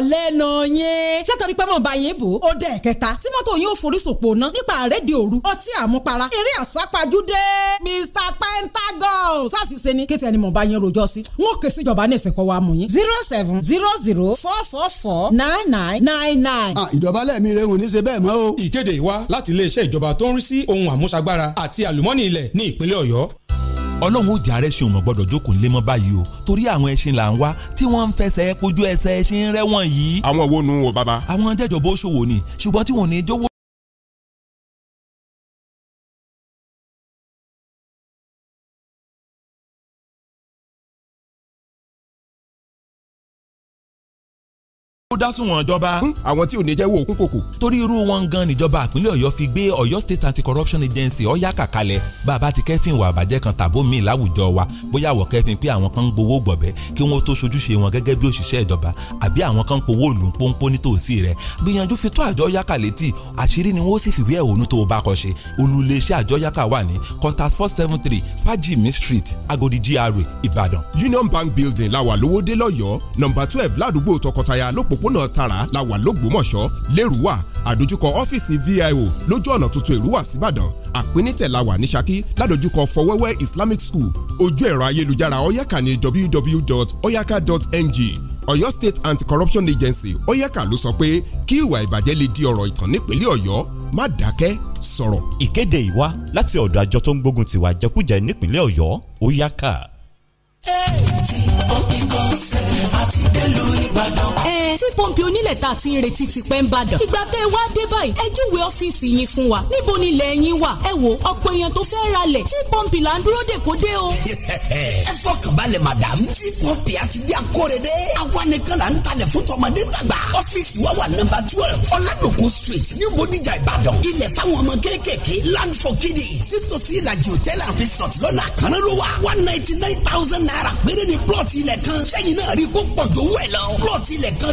[SPEAKER 9] lẹ́nu
[SPEAKER 8] yẹn ṣètọ́rí pé mọ̀ bá yẹn bò ó dẹ̀ kẹta tí mọ́tò yóò forísòpò ná nípa àrédè òru ọtí àmupara eré àsápajúdé Mr Pentagon sáfìsẹ́ ni kéte ẹni mọ̀ bá yẹn rojọ́ sí wọn kè sí ìjọba ní ìsìnkọ́ wa mú yín zero seven zero zero four four four nine nine nine nine. Ah,
[SPEAKER 7] ìjọba lẹ́ẹ̀mí rẹ̀ ò ní ṣe bẹ́ẹ̀ mọ́ o. ìkéde wa láti iléeṣẹ́ ìjọba tó ń rí sí ohun àmúṣagbára àti àlùmọ́nì ọlọ́run ó jẹ́ ààrẹ ṣeun mọ̀ gbọ́dọ̀ jókòó ńlẹ́ mọ́
[SPEAKER 11] báyìí o torí àwọn ẹṣin là ń wá tí wọ́n ń fẹsẹ̀ kojú ẹsẹ̀ ẹṣin rẹ́wọ̀n yìí. àwọn wo nu wo baba. àwọn jẹjọ bó ṣòwò ni ṣùgbọ́n tí wọn ò ní jówó
[SPEAKER 2] kó dásùnwọ̀n ìjọba. Hmm, àwọn tí ò ní jẹ́ wo òkun kòkò. torí irú wọn gan níjọba ìpínlẹ̀ ọ̀yọ́ fi gbé ọ̀yọ́ state anti-corruption
[SPEAKER 7] agency ọ̀yá kàkalẹ̀ bàbá ti kẹ́fìn ìwà àbàjẹ́ kan tàbó mi láwùjọ wa bóyá àwọ̀ kẹ́fìn pé àwọn kan ń gbowó gbọ̀bẹ́ kí wọ́n tó sojúṣe wọn gẹ́gẹ́ bí òṣìṣẹ́ ìjọba àbí àwọn kan ń powó lù ń pọ́npọ́n
[SPEAKER 11] nítòsí rẹ̀ gbìyànjú fi tó àjọ yákà létí àṣírí ni wọ́n sì fìwé ẹ̀hónú tó bá kọ ṣe olùléeṣẹ́ àjọ yákà wà ní contact four seven three fajimi street agodi gra ìbàdàn.
[SPEAKER 7] union bank building làwà lówódé lọ́yọ́ọ́ nọ́mbà twelve ládùúgbò tọkọtaya lópòpó òpópónà tara la wà lógbómọ̀ṣọ́ lẹ́rùwà àdójúkọ ọ́fíìsì vio lójú ọ̀nà tuntun èrúwà síbàdàn àpínítẹ̀ la wà ní ṣakí ládojúkọ fọwẹ́wẹ́ islamic school ojú ẹ̀rọ ayélujára oyaka ní www.oyaka.ng ọ̀yọ́ state anti-corruption agency oyaka ló sọ pé kí ìwà ìbàjẹ́ lè di ọ̀rọ̀ ìtàn nípínlẹ̀ ọ̀yọ́ má dákẹ́ sọ̀rọ̀. ìkéde ìwá láti ọ̀dọ̀ àjọ tó ń gbógun tiwa jẹkújẹ nípínlẹ̀ ọ̀yọ́ oyaka. ẹ ẹ
[SPEAKER 9] ti pọ́ńpì kan ṣẹlẹ̀ àti délùú ìbàdàn ẹ tí pọ́ǹpì onílẹ̀ ta
[SPEAKER 8] ti ń retí ti pẹ́ ń bàdàn. ìgbà tẹ́ ẹ wá dé báyìí ẹ júwe ọ́fíìsì yín fún wa níbo ni ilẹ̀ yín wà ẹ wo ọ̀pọ̀ èèyàn tó fẹ́ ra lẹ̀ tí pọ́ǹpì là ń dúró dè kó dé o. ẹ fọkàn balẹ̀
[SPEAKER 6] madam tí pọ́ǹpì àti bí akóredé àwa nìkan là ń talẹ̀ fún tọmọdé tàgbà ọ́fíìsì wa wà nọ́mbà twelve ọ̀làdòkun street ní bodijà ìbàdàn ilẹ̀ fáwọn ọmọ kéékèèké land for kiddies sítòsí ìlàjì hòtẹ́ẹ̀lì and resort lọ́nà àkànná one ninety nine thousand naira péré ni plọ̀tì ilẹ̀ kan sẹ́yìn náà rí gbọ́pọ̀ tó wẹ̀ lọ plọ̀tì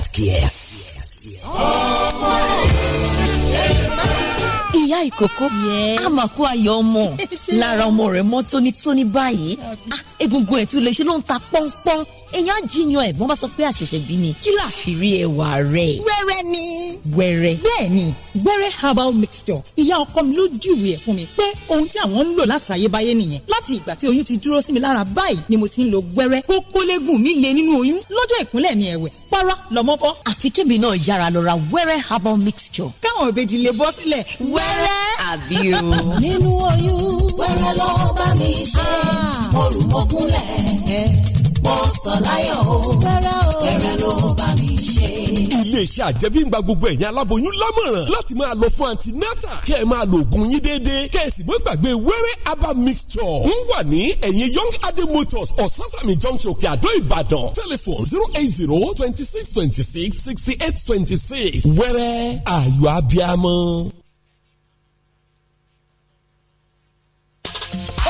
[SPEAKER 9] Podcast.
[SPEAKER 8] ìyá ìkókó àmàkù ayọ̀ ọmọ
[SPEAKER 15] [LAUGHS] lára ọmọ
[SPEAKER 8] rẹ̀ mọ́ tónítóní báyìí ah, egungun ẹ̀ tí o lè ṣe ló ń ta pọ́npọ́n èèyàn jiyan ẹ̀gbọ́n bá sọ pé àṣẹ̀ṣẹ̀ bí ni kí làṣírí ẹwà rẹ̀. wẹ́rẹ́ ni. wẹ́rẹ́. bẹ́ẹ̀ni wẹ́rẹ́ herbal mixture ìyá ọkọ mi ló júwe ẹ̀ fún mi pé ohun tí àwọn ń lò láti ayébáyé nìyẹn láti ìgbà tí oyún ti dúró sí mi lára báyìí ni mo ti ń lo wẹ́rẹ́ kókólégùn mi lè nínú oyún lọ́jọ́ ìkúnlẹ̀ mi ẹ̀wẹ̀ para lọ́mọ bọ́. àfi kébì náà yára lọ ra wẹ́rẹ́ herbal mixture. káwọn òbejì lè bọ́ sílẹ̀ wẹ́rẹ́. àbí o. nínú oyún wẹ́rẹ́ lọ bá mi ṣe ah. mo rù mọ́kúnlẹ̀ eh.
[SPEAKER 11] mo sọ
[SPEAKER 3] láyọ̀ o wẹ́rẹ́ ló bá mi
[SPEAKER 11] iléeṣẹ́ àjẹbí ń gba gbogbo ẹ̀yin aláboyún lámọ̀ràn láti máa lọ fún antinata kẹ́ ẹ̀ máa lo oògùn yín déédéé kẹ́ ẹ̀ sì mọ́ gbàgbé wẹ́rẹ́ herbal mixture wọ́n wà ní ẹ̀yìn young adé motors ososani junction kíadó ìbàdàn telephone zero eight zero twenty six twenty six sixty eight twenty six wẹ́rẹ́ ayọ̀ abiamọ.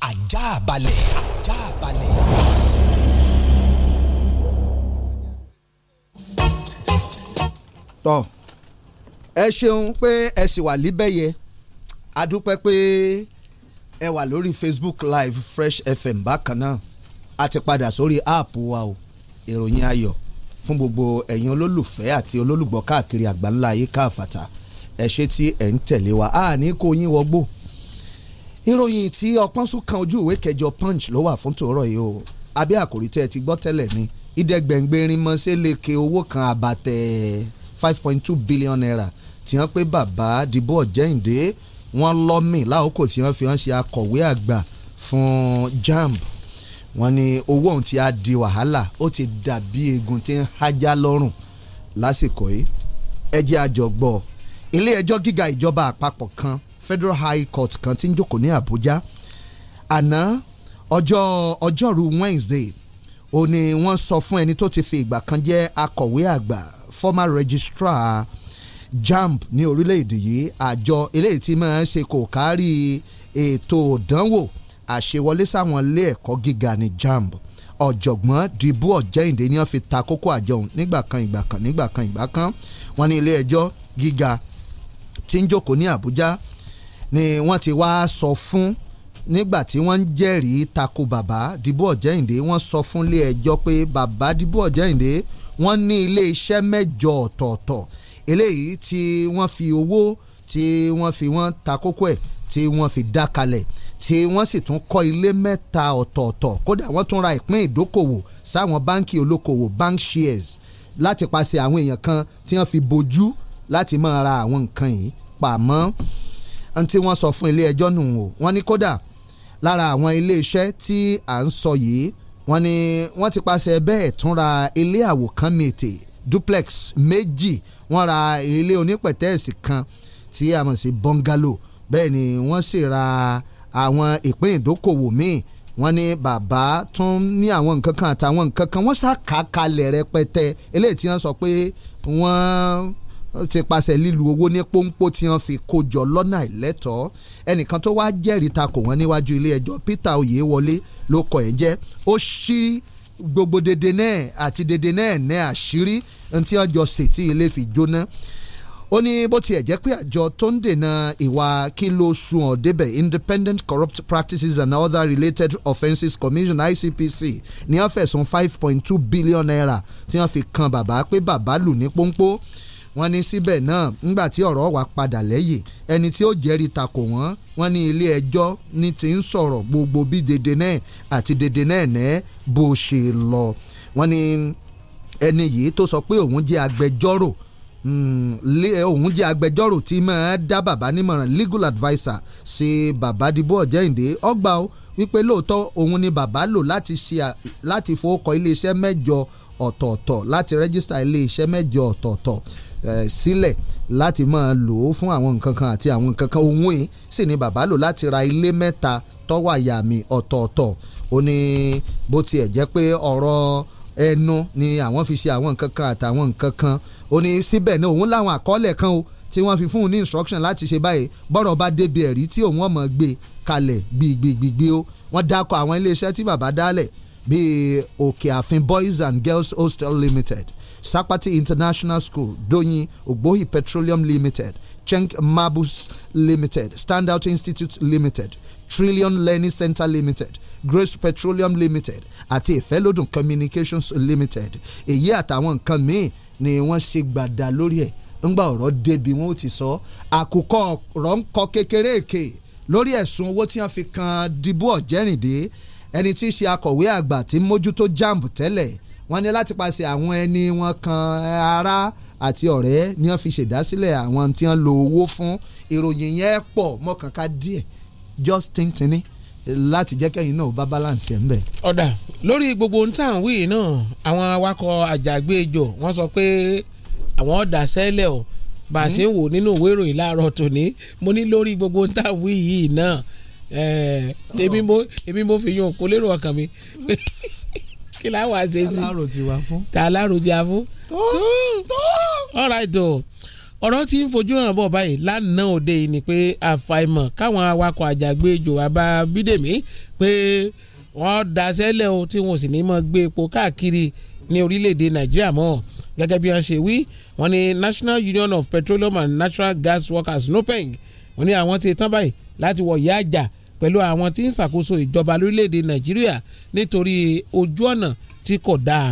[SPEAKER 11] ajá balẹ̀ ajá balẹ̀.
[SPEAKER 4] tọ́ ẹ ṣeun pé ẹ sì wà líbẹ̀yẹ a dúpẹ́ pé ẹ wà lórí Facebook Live Fresh FM bákan náà a ti padà sórí áàpù wa o ìròyìn ayọ̀ fún gbogbo ẹ̀yin olólùfẹ́ àti olólùgbọ́ káàkiri àgbáńlá ayé káàfàtà ẹ ṣé tí ẹ̀ ń tẹ̀lé wa a ní kó yín wọgbó ìròyìn tí ọpọ́n sún kan ojú ìwé kẹjọ punch ló wà fún tòórọ̀ yìí o abẹ́ àkòrí tẹ́ ẹ ti gbọ́ tẹ́lẹ̀ ni ìdẹ́gbẹ̀ngbẹ̀rin mọ́sẹ́ lè ke owó kan àbàtẹ̀ five point two billion naira tí wọ́n pé bàbá dìbò ọ̀jẹ̀ǹdé wọ́n lọ́mì láòkò tí wọ́n fi wọ́n ṣe akọ̀wé àgbà fún jamb wọ́n ní owó ọ̀hún ti á di wàhálà ó ti dàbí eegun tí ń hájá lọ́rùn lásìkò yìí ẹjẹ́ àjọgbọ́ ilé ẹjọ́ gíga ìjọba àpapọ̀ kan Federal High Court kan tí ń jókòó ní Àbújá àná ọjọ́ ọjọ́rú Wednesday ó ní wọ́n sọ fún ẹni tó ti fi ìgbà kan jẹ́ akọ̀wé àgbà former registrar JAMB ní orílẹ̀-èdè yìí àjọ eléyìí tí máa ń ṣe kò kárí ètò ìdánwò àṣewọlé sáwọn ilé ẹ̀kọ́ gíga ní JAMB ọ̀jọ̀gbọ́n dìbò ọ̀jẹ̀yìndé ni wọ́n fi ta kókó àjọhùn nígbà kan ìgbà kan nígbà kan ìgbà kan wọ́n ní ilé ẹjọ́ gíga tí ń jókòó ní Àbújá ni wọ́n ti wá sọ fún nígbà tí wọ́n ń jẹ́rìí tako bàbá Dìbò Ọ̀jẹ̀yìndé wọ́n sọ fún ilé ẹjọ́ pé bàbá Dìbò Ọ̀jẹ̀yìndé wọ́n ní ilé iṣẹ́ mẹ́jọ ọ̀tọ̀ọ̀tọ̀ eléyìí tí wọ́n fi owó tí wọ́n fi wọ́n ta kókó ẹ̀ tí wọ́n fi dá kalẹ̀ tí wọ́n sì tún kọ́ ilé mẹ́ta ọ̀tọ̀ọ̀tọ̀ kódà wọ́n tún ra ìpín ìdókòwò sáwọn báńkì olókòwò bank shares láti pàṣẹ àwọn èèyàn kan tí wọ́n fi bojú láti máa ra àwọn nǹkan yìí pàmọ́ ntí wọ́n sọ fún ilé ẹjọ́ nù o wọ́n ní kódà lára àwọn ilé iṣẹ́ tí à ń sọ yìí wọ́n ní wọ́n ti paṣẹ bẹ́ẹ̀ tún ra ilé àwòkán mètè duplex méjì wọ́n ra ilé onípẹ̀tẹ́ẹ̀sì kan tí a mọ̀ sí bungalow bẹ́ẹ̀ ni wọ́n sì ra àwọn ìpín ìdókòwò míì wọ́n ní bàbá tún ní àwọn nǹkan kan àtàwọn nǹkan kan wọ́n ṣàkàkalẹ̀ rẹpẹtẹ eléyìí tí wọ́n sọ pé wọ́n ti paṣẹ lílu owó ní pọ́npọ́ tí wọ́n fi kó lọ́nà àìlẹ́tọ̀ọ́ ẹnìkan tó wá jẹ́rìí ta kò wọ́n níwájú ilé ẹjọ́ Peter Oyewole ló kọ ẹ̀ jẹ́ ó ṣí gbogbo dèdè náà àti dèdè náà ní àṣírí ntí wọ́n jọ ṣètì ilé fi jóná ó ní bó tiẹ̀ jẹ́ pé àjọ tó ń dènà ìwà kí ló sun Independent Corrupt Practices and Other Related Offences Commission ICPC ní wọ́n fẹ̀sùn five point two billion naira tí wọ́n fi kan bàbá pé bàbá lù ní pọ́npọ́ wọ́n ní síbẹ̀ náà ńgbà tí ọ̀rọ̀ wá padà lẹ́yìn ẹni tí ó jẹ́rìí takò wọ́n wọ́n ní ilé ẹjọ́ ní ti ń sọ̀rọ̀ gbogbo bí dèdè náà àti dèdè náà nẹ́ bó ṣe lọ wọ́n ní ẹni yìí tó sọ pé òun jẹ́ agbẹjọ́rò hmm, òun jẹ́ agbẹjọ́rò tí máa dá bàbá nímọ̀ràn legal adviser ṣe bàbá dìbò ọ̀jẹ̀yìndé ọgbà ó wípé lóòótọ́ òun ni bàbá lò láti ṣe láti fowókọ mẹ́jọ ọ̀tọ̀ọ̀tọ̀ láti rẹ́gísítà iléeṣẹ́ mẹ́jọ ọ̀tọ̀ọ̀tọ̀ sílẹ̀ láti máa lò ó fún àwọn nǹkan kan àti àwọn nǹkan kan òun yìí sì ni bàbá lò láti ra ilé mẹ́ta tọ́wọ́ àyà mi ọ̀tọ̀ọ̀tọ̀ ó ní bó tiẹ̀ jẹ́ pé ọ̀rọ̀ ẹnu ni àwọn fi ṣe àwọn nǹkan kan àtàwọn nǹkan kan ó ní síbẹ̀ ní òun láwọn àkọọ́lẹ̀ kan o tí wọ́n fi fún un ní instruction láti ṣe báyìí bọ́rọ̀ bá débi ẹ̀rí tí òun ọmọ gbé kalẹ̀ gbìgbìgbìgbì o wọ́n dákọ̀ àwọn iléeṣẹ́ tí bàbá dálẹ̀ bíi òkè àfin boys and girls hostel limited Sapati International School, Donyi Ogbohi Petroleum Limited, Cheng Mabus Limited, Standout Institute Limited, Trillion Learning Center Limited, Grace Petroleum Limited àti Ìfẹ́lódùn Communications Limited èyí àtàwọn nǹkan míì ni wọ́n ṣe gbàdá lórí ẹ̀ ńgbà ọ̀rọ̀ débi wọn ò ti sọ àkùkọ ọ̀rọ̀ ń kọ kékeré èké lórí ẹ̀sùn owó tí wọ́n fi kan Dìbò Ọ̀jẹ́rìndé ẹni tí í ṣe akọ̀wé àgbà tí mójútó JAMB tẹ́lẹ̀ wọ́n ní láti paṣẹ àwọn ẹni wọn kan ará àti ọ̀rẹ́ ni wọ́n fi ṣèdásílẹ̀ àwọn tí wọ́n lo owó fún ìròyìn yẹn pọ̀ mọ́kànká díẹ̀ just tíntìní láti jẹ́ kẹ́yìn náà bá balance ẹ̀ ń bẹ̀.
[SPEAKER 5] ọ̀dà lórí gbogbo ohun tá à ń wí náà àwọn awakọ̀ àjàgbéjò wọ́n sọ pé àwọn ọ̀dà sẹ́lẹ̀ o bá a ṣe ń wò nínú ìwé ìròyìn láàárọ̀ tòní mo ní lórí gbogbo ohun tá à ń wí yìí náà uh-huh. èmi mo èmi mo fi yún òkú lérò ọkàn mi [LAUGHS] kí la wà ṣe sí. alárò ti wà fún. ta alárò ti fún. tó tó. all right o ọ̀rọ̀ tí ń fojú hàn bọ̀ báyìí lánàá òde yìí ni pé àfàìmọ̀ káwọn awakọ̀ àjàgbé jòwábà bídèmí pé wọ́n daṣẹ́lẹ̀ o tí wọn ò sì ní mọ̀ gbé epo káàkiri ní orílẹ̀-èdè nàìjíríà mọ́ gẹ́gẹ́ bí wọ́n ṣe wí wọ́n ní National Union of Petroleum and Natural Gas Workers NUPENG wọ́n ní àwọn ti tán báyìí láti wọ̀ ìyá àjà pẹ̀lú àwọn tí ń ṣàkóso ìjọba lórílẹ̀‐èdè nàìjíríà nítorí ojú ọ̀nà tí kò dáa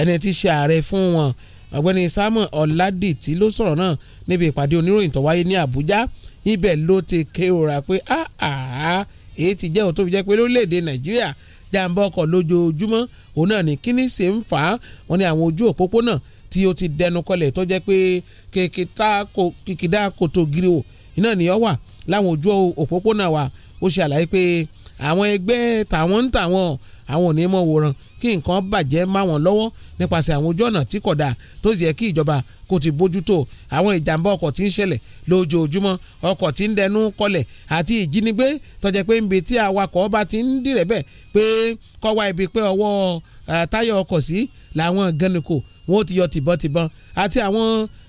[SPEAKER 5] ẹni tí ṣe ààrẹ fún wọn ọ̀gbẹ́ni samuel ọ̀làdìtì ló sọ̀rọ̀ náà níbi ìpàdé oníròyìn tó wáyé ní àbújá ibẹ̀ ló ti kéwòrà pé èyí ti jẹ́ òtó fi jẹ́ pé lórílẹ̀‐èdè nàìjíríà jàǹbá ọkọ̀ lójoojúmọ́ òun náà ní kíní ṣe ń fà á wọn ni àwọn ojú òpópónà tí ó ti dẹnu kọlẹ̀ tó jẹ́ pé kìkìdá kòtò gírí o iná ni ó wà láwọn ojú òpópónà wa ó ṣe àlàyé pé àwọn ẹgbẹ́ tàwọn ń tàwọn àwọn ò ní mọ̀ wòran kí nǹkan bàjẹ́ má wọn lọ́wọ́ nípasẹ̀ àwọn ojú ọ̀nà tí kò dáa tó sì yẹ kí ìjọba kó ti bójú tó àwọn ìjàmbá ọkọ̀ tí ń ṣẹlẹ̀ lójoojúmọ́ ọkọ̀ tí ń dẹnu kọlẹ̀ àti ìjínigbé tó jẹ́ pé níbi tí awakọ̀ bá ti ń dìrẹ̀ bẹ́ẹ̀ pé kó ibi pé ọwọ́ táyà ọkọ̀ sí làwọn gànnìkò wọn ó ti yọ tìbọntìbọn àti àwọn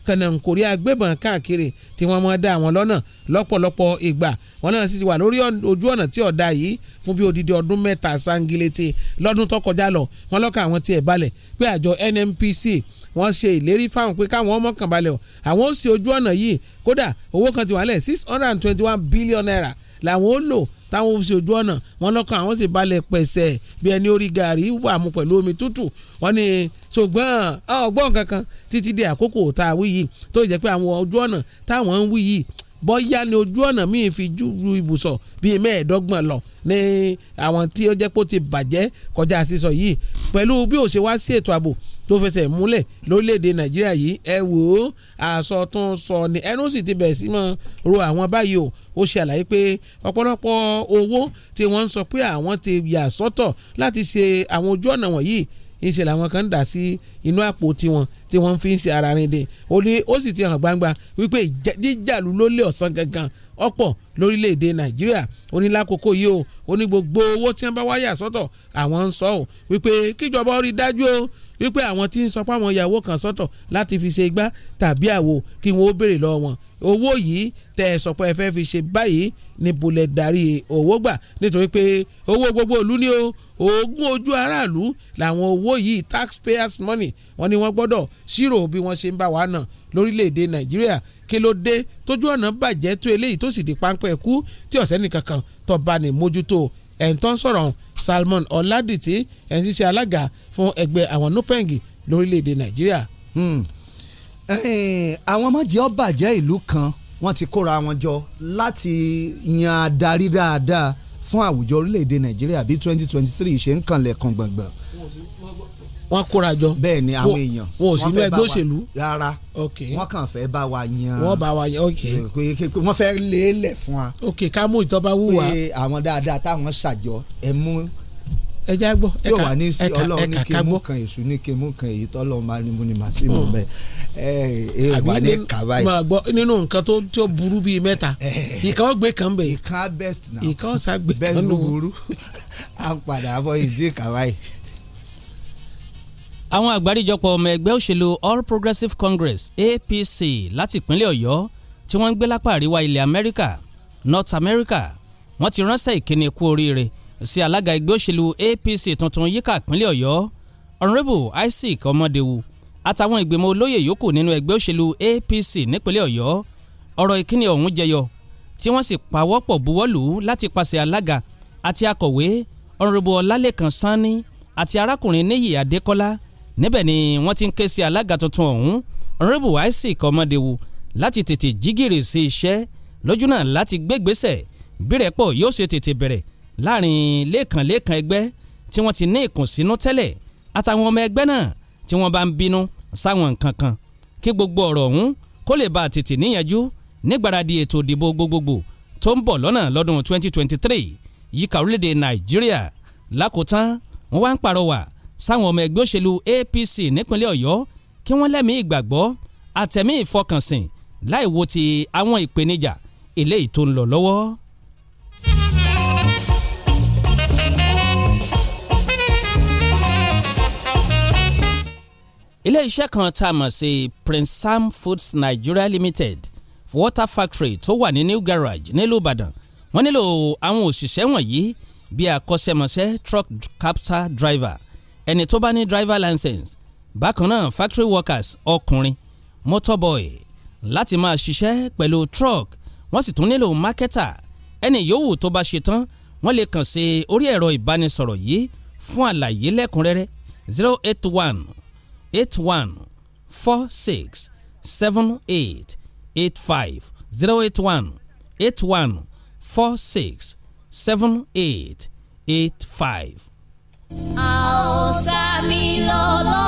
[SPEAKER 5] kànáńkórí agbébọn káàkiri tí wọ́n mọ̀ dá àwọn lọ́nà lọ́pọ̀lọpọ̀ ìgbà wọn náà sì ti wà lórí ojú ọ̀nà tí ọ̀dà yìí fún bí odidi ọdún mẹ́ta sangilete lọ́dún tó kọjá lọ wọn lọ́kàn àwọn tiẹ̀ balẹ̀ pé àjọ NNPC wọ́n ṣe ìlérí fáwọn pé káwọn ọmọ kan balẹ̀ o àwọn ó sì ojú ọ̀nà yìí kódà owó kan ti wà lẹ̀ six hundred and twenty one billion naira làwọn ó lò táwọn fi ojú ọ̀nà wọn lọ́kàn àwọn sì balẹ̀ pẹ̀sẹ̀ bí ẹni orí gàrí wà mu pẹ̀lú omi tútù wọn ni ṣùgbọ́n ọgbọ́n kankan títí di àkókò tá a wí yìí tó jẹ́ pé àwọn ojú ọ̀nà táwọn ń wí yìí bọ́yá ni ojú ọ̀nà míì fi ju ibùsọ̀ bíi mẹ́ẹ̀ẹ́dọ́gbọ̀n lọ ní àwọn tí ó jẹ́ pé ó ti bàjẹ́ kọjá sísọ yìí pẹ̀lú bí ó ṣe wá sí ètò ààbò tó fẹsẹ̀ múlẹ̀ lórílẹ̀‐èdè nàìjíríà yìí ẹ wò ó àsọ tún sọ ni ẹnu sì ti bẹ̀rẹ̀ sí mọ́ ro àwọn báyìí o ó ṣe àlàyé pé ọ̀pọ̀lọpọ̀ owó tí wọ́n ń sọ pé àwọn ti yà sọ́tọ̀ láti ṣe àwọn ojú ọ̀nà wọ̀nyí ìṣe làwọn kan dà sí inú àpò tiwọn tí wọ́n fi ń ṣe ara rìn dè ó ní ó sì ti hàn gbangba wípé jíjàlú ló lé ọ̀sán gangan ọ̀pọ̀ lórílẹ̀‐èdè nàìjíríà ó ní lákòókò yìí o ó ní gbogbo owó tí wọ́n bá wáyà sọ́tọ̀ àwọn ń sọ ọ́ wípé kíjọba ó rí dájú o wípé àwọn tí ń sọ pé àwọn ìyàwó kan sọ́tọ̀ láti fi ṣe igbá tàbí àwo kí wọ́n ó béèrè lọ́wọ́ wọn owó yìí tẹ́ ẹ sọ pé ẹ fẹ́ fi ṣe báyìí ní bulẹ̀ darí owó gbà nítorí pé owó gbogbo ìlú ni o oògùn ojú aráàlú làwọn owó yìí taxpayers money wọ́n ní wọ́n gbọ́dọ̀ ṣírò bí wọ́n ṣe ń bá wa nà lórílẹ̀ nàìjíríà kí ló dé tójú ọ̀nà bàjẹ́ tó eléyìí tó sì di páńpẹ́ kú tí ọ̀sẹ́ nìkankan tó bá ní mójútó ẹ̀ńtọ́ sọ̀rọ̀ Salmon Ọ̀làdìtì ẹ̀ń ti ṣe alága fún ẹgbẹ́ àwọn NUPENG lórílẹ̀‐èdè Nàìjíríà. Hmm. àwọn ọmọ jẹ́ ó bàjẹ́ ìlú
[SPEAKER 4] kan wọ́n ti kóra wọn jọ láti yan adarí dáadáa fún àwùjọ orílẹ̀‐èdè Nàìjíríà bí 2023 ṣe ń kanlẹ̀ kan gbọ̀ngbọ̀n wọ́n kóra jọ. bẹ́ẹ̀ ni àwọn èèyàn wọn ò sí inú ẹgbẹ́ òṣèlú.
[SPEAKER 5] rárá wọ́n kàn fẹ́
[SPEAKER 4] bá wa yan. wọ́n bá wa yan ok. wọ́n fẹ́ lélẹ̀ fún wa. ok ká mú ìtọ́ba wúwa. pé àwọn dáadáa táwọn
[SPEAKER 5] ṣàjọ ẹ mú ẹ já gbọ́ ẹ ká ẹ ká ọlọ́run ní kí mú
[SPEAKER 4] kan èṣù ní kí mú kan èyí tọ́lọ́ máa ní mú ni màá sí mú hmm.
[SPEAKER 5] bẹ́ẹ̀ ẹ ẹ wà ní kaba yìí. máa gbọ́ nínú nǹkan tó tó burú bíi mẹ́ta ìkan ó gbé kan bẹ̀. ìkan best na ìkan ó sá gbé kan nù. best búburú à ń padà bọ́ ìdí kaba yìí
[SPEAKER 16] àwọn àgbáríjọpọ̀ ọmọ ẹgbẹ́ òṣèlú All Progressive Congress APC láti ìpínlẹ̀ Ọ̀yọ́ tí wọ́n ń gbé lápá àríwá ilẹ̀ Amẹ́ríkà North America wọ́n ti ránṣẹ́ ìkíni kú oríire sí alága ẹgbẹ́ òṣèlú APC tuntun yíká ìpínlẹ̀ Ọ̀yọ́ Honourable Isaac Ọmọdéwu àtàwọn ìgbìmọ̀ olóyè yòókù nínú ẹgbẹ́ òṣèlú APC nípínlẹ̀ Ọ̀yọ́ ọ̀rọ̀ ìkíni ọ̀hún jẹyọ tí wọ́n sì pawọ́pọ̀ buwọ́lù láti pàṣẹ alága àti akọ̀wé Honourable Ọlálékan Sanni àti arákùnrin Níyì Adékọ́lá níbẹ̀ ni wọ́n ti ń ké sí alága tuntun ọ̀hún ọ̀rẹ́bù isaac ọmọdéwu láti tètè jígìrì sí iṣẹ́ lójú náà láti gbégbésẹ̀ bírẹ̀pọ̀ yóò ṣe tètè bẹ̀rẹ̀ láàrin lẹ́ẹ̀kan ẹgbẹ́ tí wọ́n ti ní ìkùnsínú tẹ́lẹ̀ àtàwọn ọmọ ẹgbẹ́ náà tí wọ́n bá ń bínú sáwọn nǹkan kan kí gbogbo ọ̀rọ̀ ọ̀hún kó lè bá tètè níyanjú nígbàradì ètò ìdìbò gbogbogbò tó ń bọ̀ lọ́nà lọ́dún 2023 yíká orílẹ̀-èdè nàìjíríà lákòótán wọ́n wá ń pàrọwà sáwọn ọmọ ẹgbẹ́ òṣèlú APC nípínlẹ̀ Ọ̀yọ́ kí wọ́n lẹ́mí ìgbàgbọ́ àtẹ̀mí ìfọkànsìn láì wo ti àwọn ìpèníjà eléyìí tó ń lọ lọ́wọ́. ilé kan tá a mọ̀ sí Prince Sam Foods Nigeria Limited water factory tó wà ní New Garage nílùú Ìbàdàn wọ́n nílò àwọn òṣìṣẹ́ wọ̀nyí bíi akọ́ṣẹ́mọṣẹ́ truck capter driver ẹni tó bá ní driver license bákan náà factory workers ọkùnrin motorboy láti máa ṣiṣẹ́ pẹ̀lú truck wọ́n sì tún nílò marketer ẹni yòówù tó bá ṣe tán wọ́n lè kàn sí orí ẹ̀rọ ìbánisọ̀rọ̀ yìí fún àlàyé lẹ́kùnrẹ́rẹ́ zero eight one eight one four six seven eight eight five zero eight one eight one four six seven eight eight five.
[SPEAKER 17] A osa, mi lodo,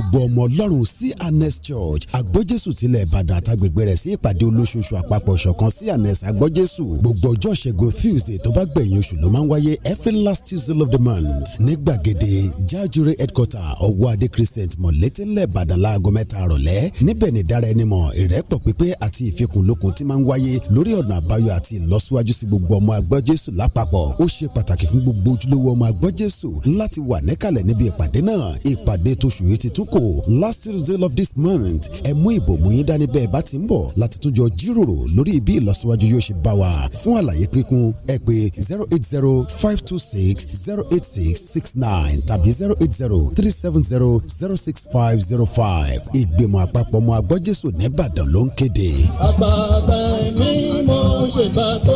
[SPEAKER 6] gbogbo ọmọ ọlọ́run sí anes church agbójésù tilẹ̀ ìbàdàn àtàgbègbè rẹ̀ sí ìpàdé olóṣooṣù àpapọ̀ ṣọ̀kan sí anes agbójésù gbogbo ọjọ́ ṣẹ́gun tuesday tó bá gbẹ̀yìn oṣù ló máa ń wáyé every last tuesday of the month ní gbàgede jajure headquarter ọwọ́ adé christian mọ̀lẹ́tẹ̀lẹ̀ ìbàdàn láago mẹ́ta àrọ̀lẹ́ níbẹ̀ ni dára ẹni mọ̀ ìrẹ́pọ̀ pípé àti ìfikùnlukùn ti máa ń wáyé lórí ọ̀nà àbáyọ àti ìlọsíwájú sí gbogbo ọmọ agbọ́jésù lápapọ̀ ó ṣe pàtàkì fún gbogbo ojúlówó ọmọ agbọ́jésù láti wà níkàlẹ̀ níbi ìpàdé náà ìpàdé Suko last result of this month ẹ mú ìbòmú yín dání bẹ́ẹ̀ bá ti ń bọ̀ láti tún jọ jíròrò lórí bí ìlọsíwájú yóò ṣe bá wa fún àlàyé kíkún ẹ pè zero eight zero five two six zero eight six six nine tàbí zero eight zero three seven zero zero six five zero five ìgbìmọ̀ àpapọ̀ ọmọ agbọ́jésù nìbàdàn ló ń kéde.
[SPEAKER 1] àbàbà mi mo ṣèbàtọ́.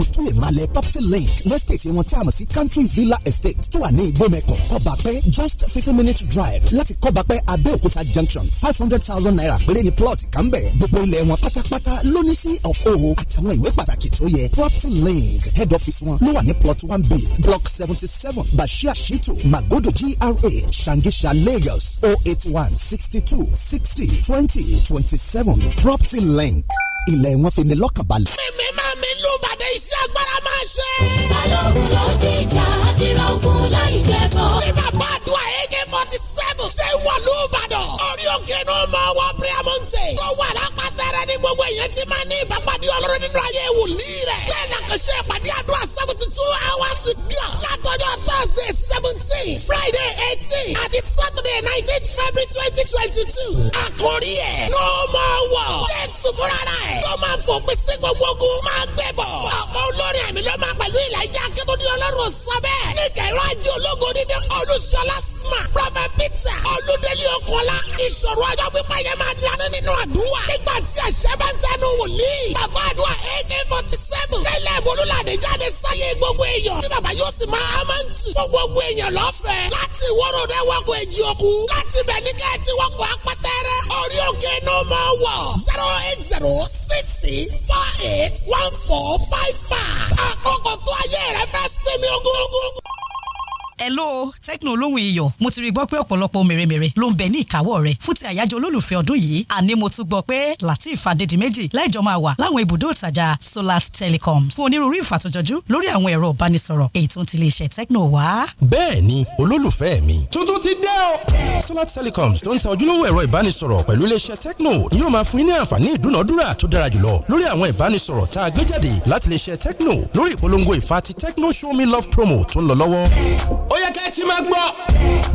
[SPEAKER 6] o tún property link lọ́sítẹ̀tì wọn tí a mọ̀ sí country villa estate tó wà ní ìgbọ́mẹ̀kọ̀ kọ́bàpẹ́ just fifteen minute drive láti kọ́bàpẹ́ abẹ́òkúta junction five hundred thousand naira péré ni plot kan bẹ̀ gbogbo ilẹ̀ wọn pátápátá lóní sí ọ̀fọ̀ àtàwọn ìwé pàtàkì tó yẹ property link head office wọn ló wà ní plot one b block seventy seven bashir shitu magodo gra shangisha lagos oh eight one sixty two sixty twenty twenty seven property link ilẹ̀ wọn fi ni lọ́kànbalẹ̀.
[SPEAKER 13] mímí máa mi lù bàdé iṣẹ́ agbára máa ṣe. balógun ló jíjà àti ra ogun láì jẹ́ bọ́. bí bàbá àdúrà ak forty seven ṣe wà lù bàdàn. orí òkè ni máa wọ ni gbogbo èèyàn ti máa ní ìbápadì ọlọ́run nínú ayé wòlíì rẹ̀. bẹ́ẹ̀ ni àkànṣe ìpàdé àdúrà seventy two hours with God látọjọ́ thursday seventeen friday eighteen àti saturday nineteen february twenty twenty two. àkórí ẹ̀ no more war. jésù fúnra rẹ̀ tó máa fòpin sí gbogbo ogun máa gbẹ bọ̀. ọ̀pọ̀ olórin àmì ló máa pẹ̀lú ìlàjà akébọ̀dé ọlọ́run sọ bẹ́ẹ̀. ní kẹ̀rọ ajé ológo dídán olùṣọ́lá sí Asma Prọfẹ̀ Peter Olúdélé Okòólá ìṣòro ọjọ́ pípa yẹn máa dání nínú àdúrà nígbà tí àṣẹ bá ń tẹnu wòlíì. Bàbá àdúrà AK forty seven tẹ́lẹ̀ Bolúlàdé jáde sáyé gbogbo èèyàn tí bàbá yóò sì máa amáǹtì fún gbogbo èèyàn lọ́fẹ̀ẹ́ láti ìwọ́rọ̀ rẹ̀ wọ́kọ̀ èjì òkú láti bẹ̀ ní kẹ́ẹ̀tì wọ́kọ̀ apátẹ́rẹ́ orí òkè ní o máa wọ̀ zero eight zero six six four eight one four five five àkókò tó
[SPEAKER 15] lo Tekno olóhùn iyọ̀ mo ti rí gbọ́ pé ọ̀pọ̀lọpọ̀ mèremère ló ń bẹ ní ìkáwọ́ rẹ̀ fún ti àyájọ́ olólùfẹ́ ọdún yìí àní mo tún gbọ́ pé Lateef Adédìméjì láìjọ máa wà láwọn ibùdó ìtajà Solar Telecoms fún onírúurú ìfàtójọjú lórí àwọn ẹ̀rọ ìbánisọ̀rọ̀ èyí tó ń ti iléeṣẹ́ Tekno wá.
[SPEAKER 6] bẹ́ẹ̀ ni olólùfẹ́ mi.
[SPEAKER 15] tuntun ti dé
[SPEAKER 6] o. Solar Telecoms tó ń ta ojúlówó ẹ̀rọ ìbánisọ̀rọ̀ pẹ̀lú iléeṣẹ́ Tekno ni yóò máa fún yín ní àǹfààní ìdúnàdúrà tó dára jùlọ lórí àwọn ìbánisọ̀rọ̀ tá a gbé jáde láti iléeṣẹ́ Tekno lórí ìpolongo ìfà ti Tekno Show Me Love promo tó ń lọ lọ́wọ́.
[SPEAKER 11] ó yẹ kẹ́kẹ́ tí máa gbọ́.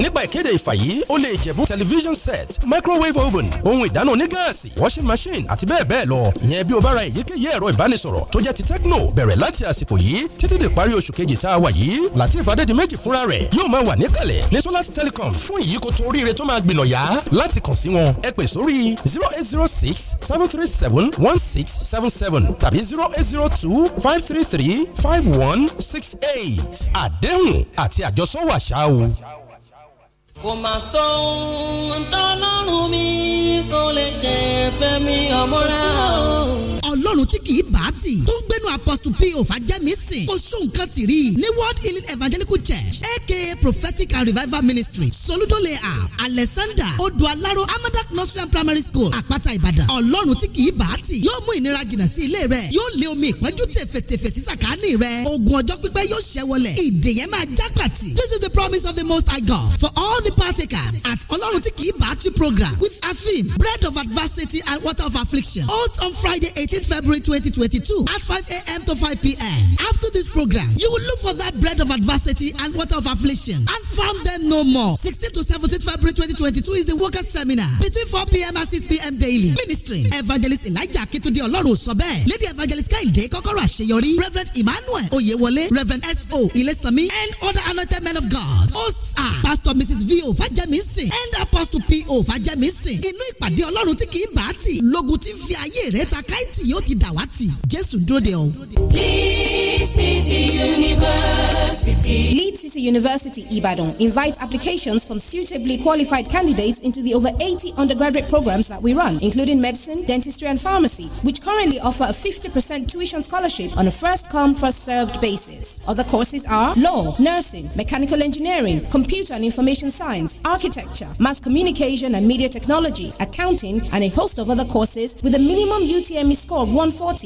[SPEAKER 6] nípa ìkéde ìfà yìí ó lè jẹ̀bú television set microwave oven ohun ìdáná onígáàsì washing machine àti bẹ́ẹ̀ bẹ́ẹ̀ lọ ìyẹn bí o bá ra èyíkéyìí ẹ̀rọ ìbánisọ̀rọ̀ tó jẹ́ ti tecno bẹ̀rẹ̀ láti àsìkò yìí títí di parí oṣù kejì tá a wà yìí latif adédìméjì fúnra rẹ̀ yóò máa wà níkàlẹ̀ ní solat telecom fún ìyíkoto oríire tó máa gbìnà zero eight zero six seven three seven one six seven seven tàbí zero eight zero two five three three five one six eight àdéhùn àti àjọsọ wà ṣá o.
[SPEAKER 9] kò mà sọ ohun tọ́lọ́run mi kò lè ṣe fẹ́mi ọmọ
[SPEAKER 15] rẹ̀ o. ọlọ́run tí yìí bàátì tó ń gbénu apostle p òfàjẹ́mísìn kò sóhun
[SPEAKER 6] kan ti rí ní world healing evangelical church aka prophetic and revival ministry soludo layout alexander odualaro amadak nursery and primary school àpáta ìbàdàn ọlọ́run tí kì í bàátì yóò mú ìnira jìnnà sí ilé rẹ yóò lé omi ìpọ́njú tẹ̀fẹ̀tẹ̀fẹ̀ sí sàkáání rẹ ogun ọjọ́ pípẹ́ yóò ṣẹ́ wọlẹ̀ ìdè yẹn máa já pàtì this is the promise of the most high god for all the partakers at ọlọ́run tí kì í bàátì program with a theme bread of adversity and water of affliction out on friday eighteen february twenty 2022 at 5 a.m. to 5 p.m. After this program, you will look for that bread of adversity and water of affliction and found them no more. 16 to 17 February 2022 is the workers' seminar between 4 p.m. and 6 p.m. daily. Ministry Evangelist Elijah Akitunde Ọlọ́run Sobe, Lady Evangelist Kehinde Kọ́kọ́rọ́ Àṣeyọrí. Reverend Emmanuel Oyewole. Reverend S.O. Ilesami and other anointed men of God. Hosts are Pastor Mrs. V.O. Fajemisin and Apostle P.O. Fajemisin. Inú ìpàdé Ọlọ́run tí kì í bá tì. Lógun ti ń fi
[SPEAKER 18] ayé ta káìtì yóò ti thirty jésù dóde o. Lead City University Ibadan invites applications from suitably qualified candidates into the over 80 undergraduate programs that we run, including medicine, dentistry, and pharmacy, which currently offer a 50% tuition scholarship on a first come, first served basis. Other courses are law, nursing, mechanical engineering, computer and information science, architecture, mass communication and media technology, accounting, and a host of other courses with a minimum UTME score of 140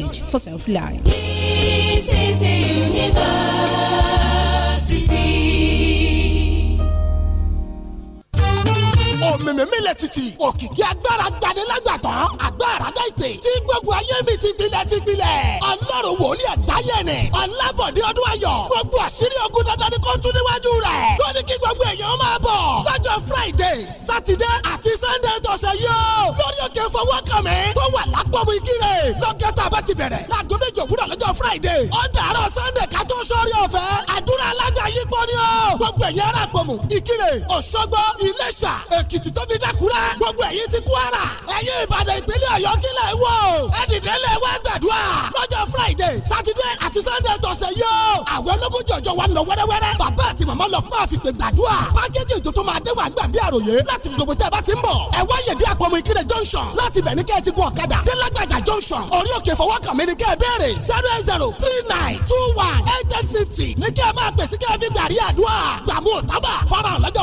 [SPEAKER 18] knowledge for self-reliance.
[SPEAKER 6] mìmìmí lẹ̀ títì òkìkí agbára gbanilágbàtàn agbára dá ìpè tí gbogbo ayé mi ti gbilẹ̀ ti gbilẹ̀ ọlọ́run wòlíì àgbáyé ni ọlábọ̀dé ọdún ayọ̀ gbogbo àṣírí ogun dandan ni kò tún níwájú rẹ̀ lónìí kí gbogbo èèyàn máa bọ̀ lọ́jọ́ friday saturday àti sunday tọ̀sẹ̀ yóò lórí òkè fọwọ́kànmí tó wà lápọ̀bù ìkírè lọ́gẹ́ta bá ti bẹ̀rẹ̀ láago méjì òwúrọ̀ lọ́jọ́ friday ọ̀dàrọ̀ sunday ká tó sọ́ọ́rí ọ̀fẹ́ àdúrà alág ni o. gbogbo ẹ̀yin ará àgbọ̀mù ìkirè òṣogbo iléṣà èkìtì tó fi dákúrẹ́ gbogbo ẹ̀yin ti kwara ẹ̀yin ìbàdàn ìpínlẹ̀ ọ̀yọ́ kílẹ̀ wò ẹ̀dìdẹ́lẹ̀ wá gbàdúrà lọ́ friday saturday àti sunday tọ̀sẹ̀ yóò. àwọn ológun jọjọ wa lọ wẹ́rẹ́wẹ́rẹ́. bàbá àti màmá lọ fún àfipè gbàdúrà. pákéjì ètò tó máa déwà gbà bí àròyé láti gbogbo tẹ́ ẹ bá ti ń bọ̀. ẹ wá yẹ̀dí àpọ̀mù ìkírè junction láti bẹ̀ ní kẹ́ ẹ ti gun ọ̀kadà. délágbàjà junction orí òkè fọwọ́kàn mi ní kẹ́ ẹ béèrè zero zero three nine two one eight ten fifty ní kẹ́ ẹ máa pèsè kẹ́ ẹ fi gbàrí àdúrà. gbàmú òtábà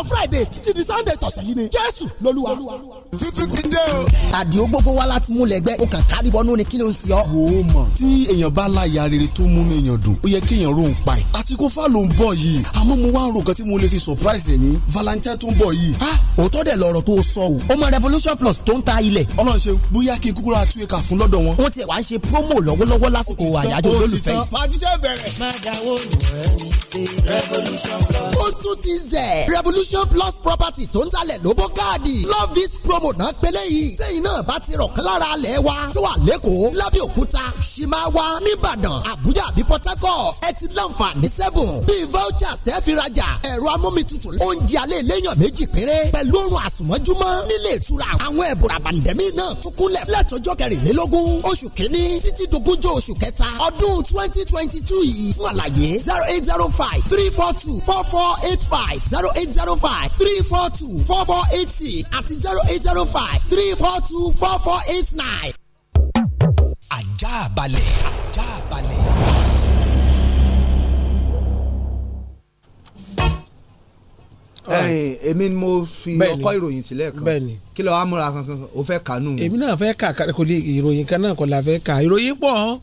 [SPEAKER 6] friday títí sunday tọ̀sẹ̀ yìí ni jésù lolúwa. tuntun ti dé o. àdìo gbogbo wa láti múlẹ̀ gbẹ́ o kàn kárí bọ́nú ni kí ló ń ṣe ọ́ bá láya rere tó mú ní èèyàn dùn ó yẹ kéèyàn rò pa ẹ̀. àsìkò fà ló ń bọ̀ yìí àmọ́ mo wá ń ro nǹkan tí mo lè fi surprise ẹ̀ ní valentine tó ń bọ̀ yìí. a ah, òótọ́ dẹ̀ lọ̀rọ̀ tó sọ o ọmọ revolution plus tó ń ta ilẹ̀. ọlọ́run ṣe bóyá kí n kúkúrò àtúnyẹ̀ká fún lọ́dọ̀ wọn. wọ́n ti wá ń ṣe promo lọ́wọ́lọ́wọ́ lásìkò àyájọ́ olólùfẹ́ yìí. tún ti zẹ̀ revolution plus property tó ń talẹ̀ lóbó káàdì love is promo náà pélé yìí. sẹ́yìn náà bá ti rọ̀ kán alẹ́ wa tó wà lẹ́kọ̀ọ́ lábẹ́òkúta ṣì máa wá nìbàdàn àbújá àbí port harcourt ẹ ti láǹfààní sẹ́bùn bíi vouchers tẹ́ fi rajà ẹ̀rọ amómitutù oúnjẹ alẹ́ lẹ́yìn méjì péré pẹ̀lú oorun àsùnmọ́júmọ́ nílé ìtura àwọn ẹ̀bùrà bàǹdẹ̀mí náà tún kúnlẹ̀ lẹ́tọ́jọ́ kẹrìnlélógún oṣù kínní títí dogúnjọ́ oṣù kẹta ọdún twenty twenty two yìí fún àlàyé zero eight zero five three four two four four eight five zero eight zero five three four two four four eight six àti zero eight zero five three four two four four eight nine. Ajabale, Ajabale.
[SPEAKER 4] ajá balẹ̀. èmi ni mo fi ọkọ ìròyìn sílẹ̀ kan kí ló wàá múra kankan o fẹ́ kánú. èmi
[SPEAKER 5] náà fẹ́ kà kò lè ìròyìn kan náà kò la fẹ́ kà ìròyìn pọ̀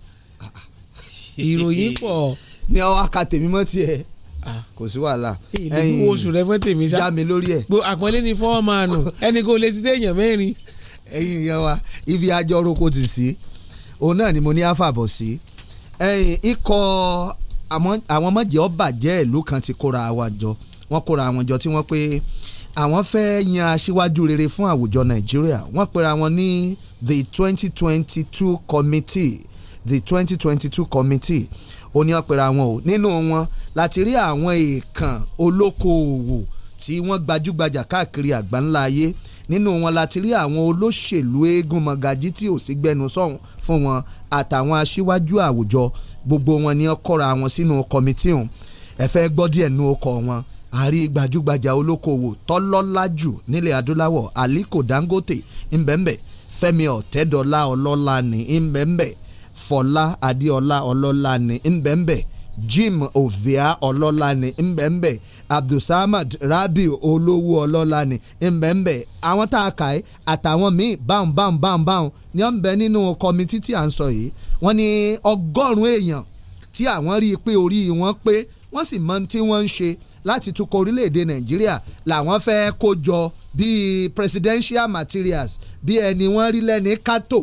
[SPEAKER 5] ìròyìn pọ̀. ní ọwọ́ aka tèmi mọ́ tiẹ̀ ah. kò sí wàhálà. ìlú oṣù rẹ fẹ́ tèmi sá já mi lórí ẹ̀. àpọ́nlé ni fọ́ọ̀mù àná ẹni kò lè ṣiṣẹ́ èèyàn mẹ́rin. ẹ̀yin ìyá wa ibi àjọrò kò ti sí
[SPEAKER 4] òun náà ni mo ní àfàbọ̀ sí ikọ̀ àwọn mọ̀jẹ̀ ọ̀bàjẹ́ ìlú kan ti kóra wọn jọ wọ́n kóra wọn jọ tí wọ́n pé àwọn fẹ́ yan aṣíwájú rere fún àwùjọ nàìjíríà wọ́n pera wọn ní the twenty twenty two committee the twenty twenty two committee ó ní ọ̀pẹ̀rẹ̀ àwọn o nínú wọn láti rí àwọn èèkàn olókoòwò tí wọ́n gbajúgbajà káàkiri àgbáńlá ayé nínú wọn láti rí àwọn olóṣèlú eégún mọ̀gájí tí ò sí gbẹnu fún wọn àtàwọn aṣíwájú àwùjọ gbogbo wọn ni wọ́n kọ́ra wọn sínú kọ́mítì ọ̀hún ẹ fẹ́ gbọ́ díẹ̀ nú ọkọ̀ wọn àrí gbajúgbajà olókoòwò tọ́lọ́lá jù nílẹ̀ Aliko Dangote ńbẹ̀ńbẹ̀ Fẹ́mi Ọ̀tẹ́dọ́lá ọlọ́lá ní ńbẹ̀ńbẹ̀ Fọlá Adéọlá ọlọ́lá ní ńbẹ̀ńbẹ̀ Jim Ovia ọlọ́lá ní ńbẹ̀ńbẹ̀ Abdulsamad Rabiu olówó ọlọ́lá ní ńbẹ̀ńbẹ̀ àwọn tá a kà é àtàwọn míì báwọn báwọn báwọn báwọn ní ọ̀n bẹ nínú kọ́mítì tí à ń sọ yìí wọ́n ní ọgọ́rùn-ún èèyàn tí àwọn rí i pé orí wọn pé wọ́n sì mọ tí wọ́n ń ṣe láti tukọ̀ orílẹ̀-èdè nàìjíríà làwọn fẹ́ kó jọ bíi presidential materials bí ẹni wọ́n rí lẹ́ni kátó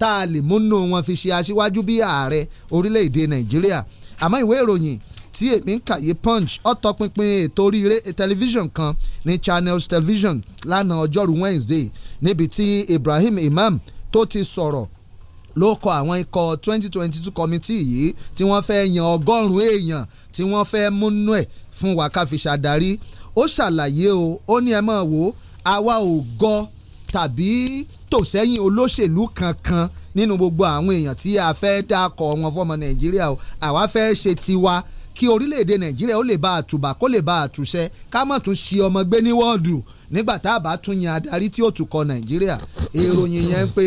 [SPEAKER 4] tá a lè múnú wọn fi ṣe aṣíwájú bí ààrẹ orílẹ̀-èdè nàìjíríà àmọ́ ìwé ìròyìn tí èmi ń kàyé punch ọ̀tọ̀pinpin ètò oríire tẹlifíṣàn kan ní channels television lánàá ọjọ́rú wednesday níbi tí ibrahim imam tó ti sọ̀rọ̀ ló kọ àwọn ikọ̀ 2022 committee yìí tí wọ́n fẹ́ yan ọgọ́rùn-ún èèyàn tí wọ́n fẹ́ múnú ẹ̀ fún wa ká fi ṣàdarí ó ṣàlàyé o ó ní ẹ máa wò ó àwa ò gọ tàbí tòsẹ́yìn olóṣèlú kankan nínú gbogbo àwọn èèyàn tí a fẹ́ dákọ̀ wọn fọmọ nàìjíríà o àwa fẹ́ ṣe tiwa kí orílẹ̀-èdè nàìjíríà ó lè bá a tùbà kó lè bá a túṣẹ́ ká má tún ṣe ọmọ gbé ní wọ́ọ̀dù nígbà tá a bá tún yan adarí tí ó tún kọ nàìjíríà ìròyìn yẹn pé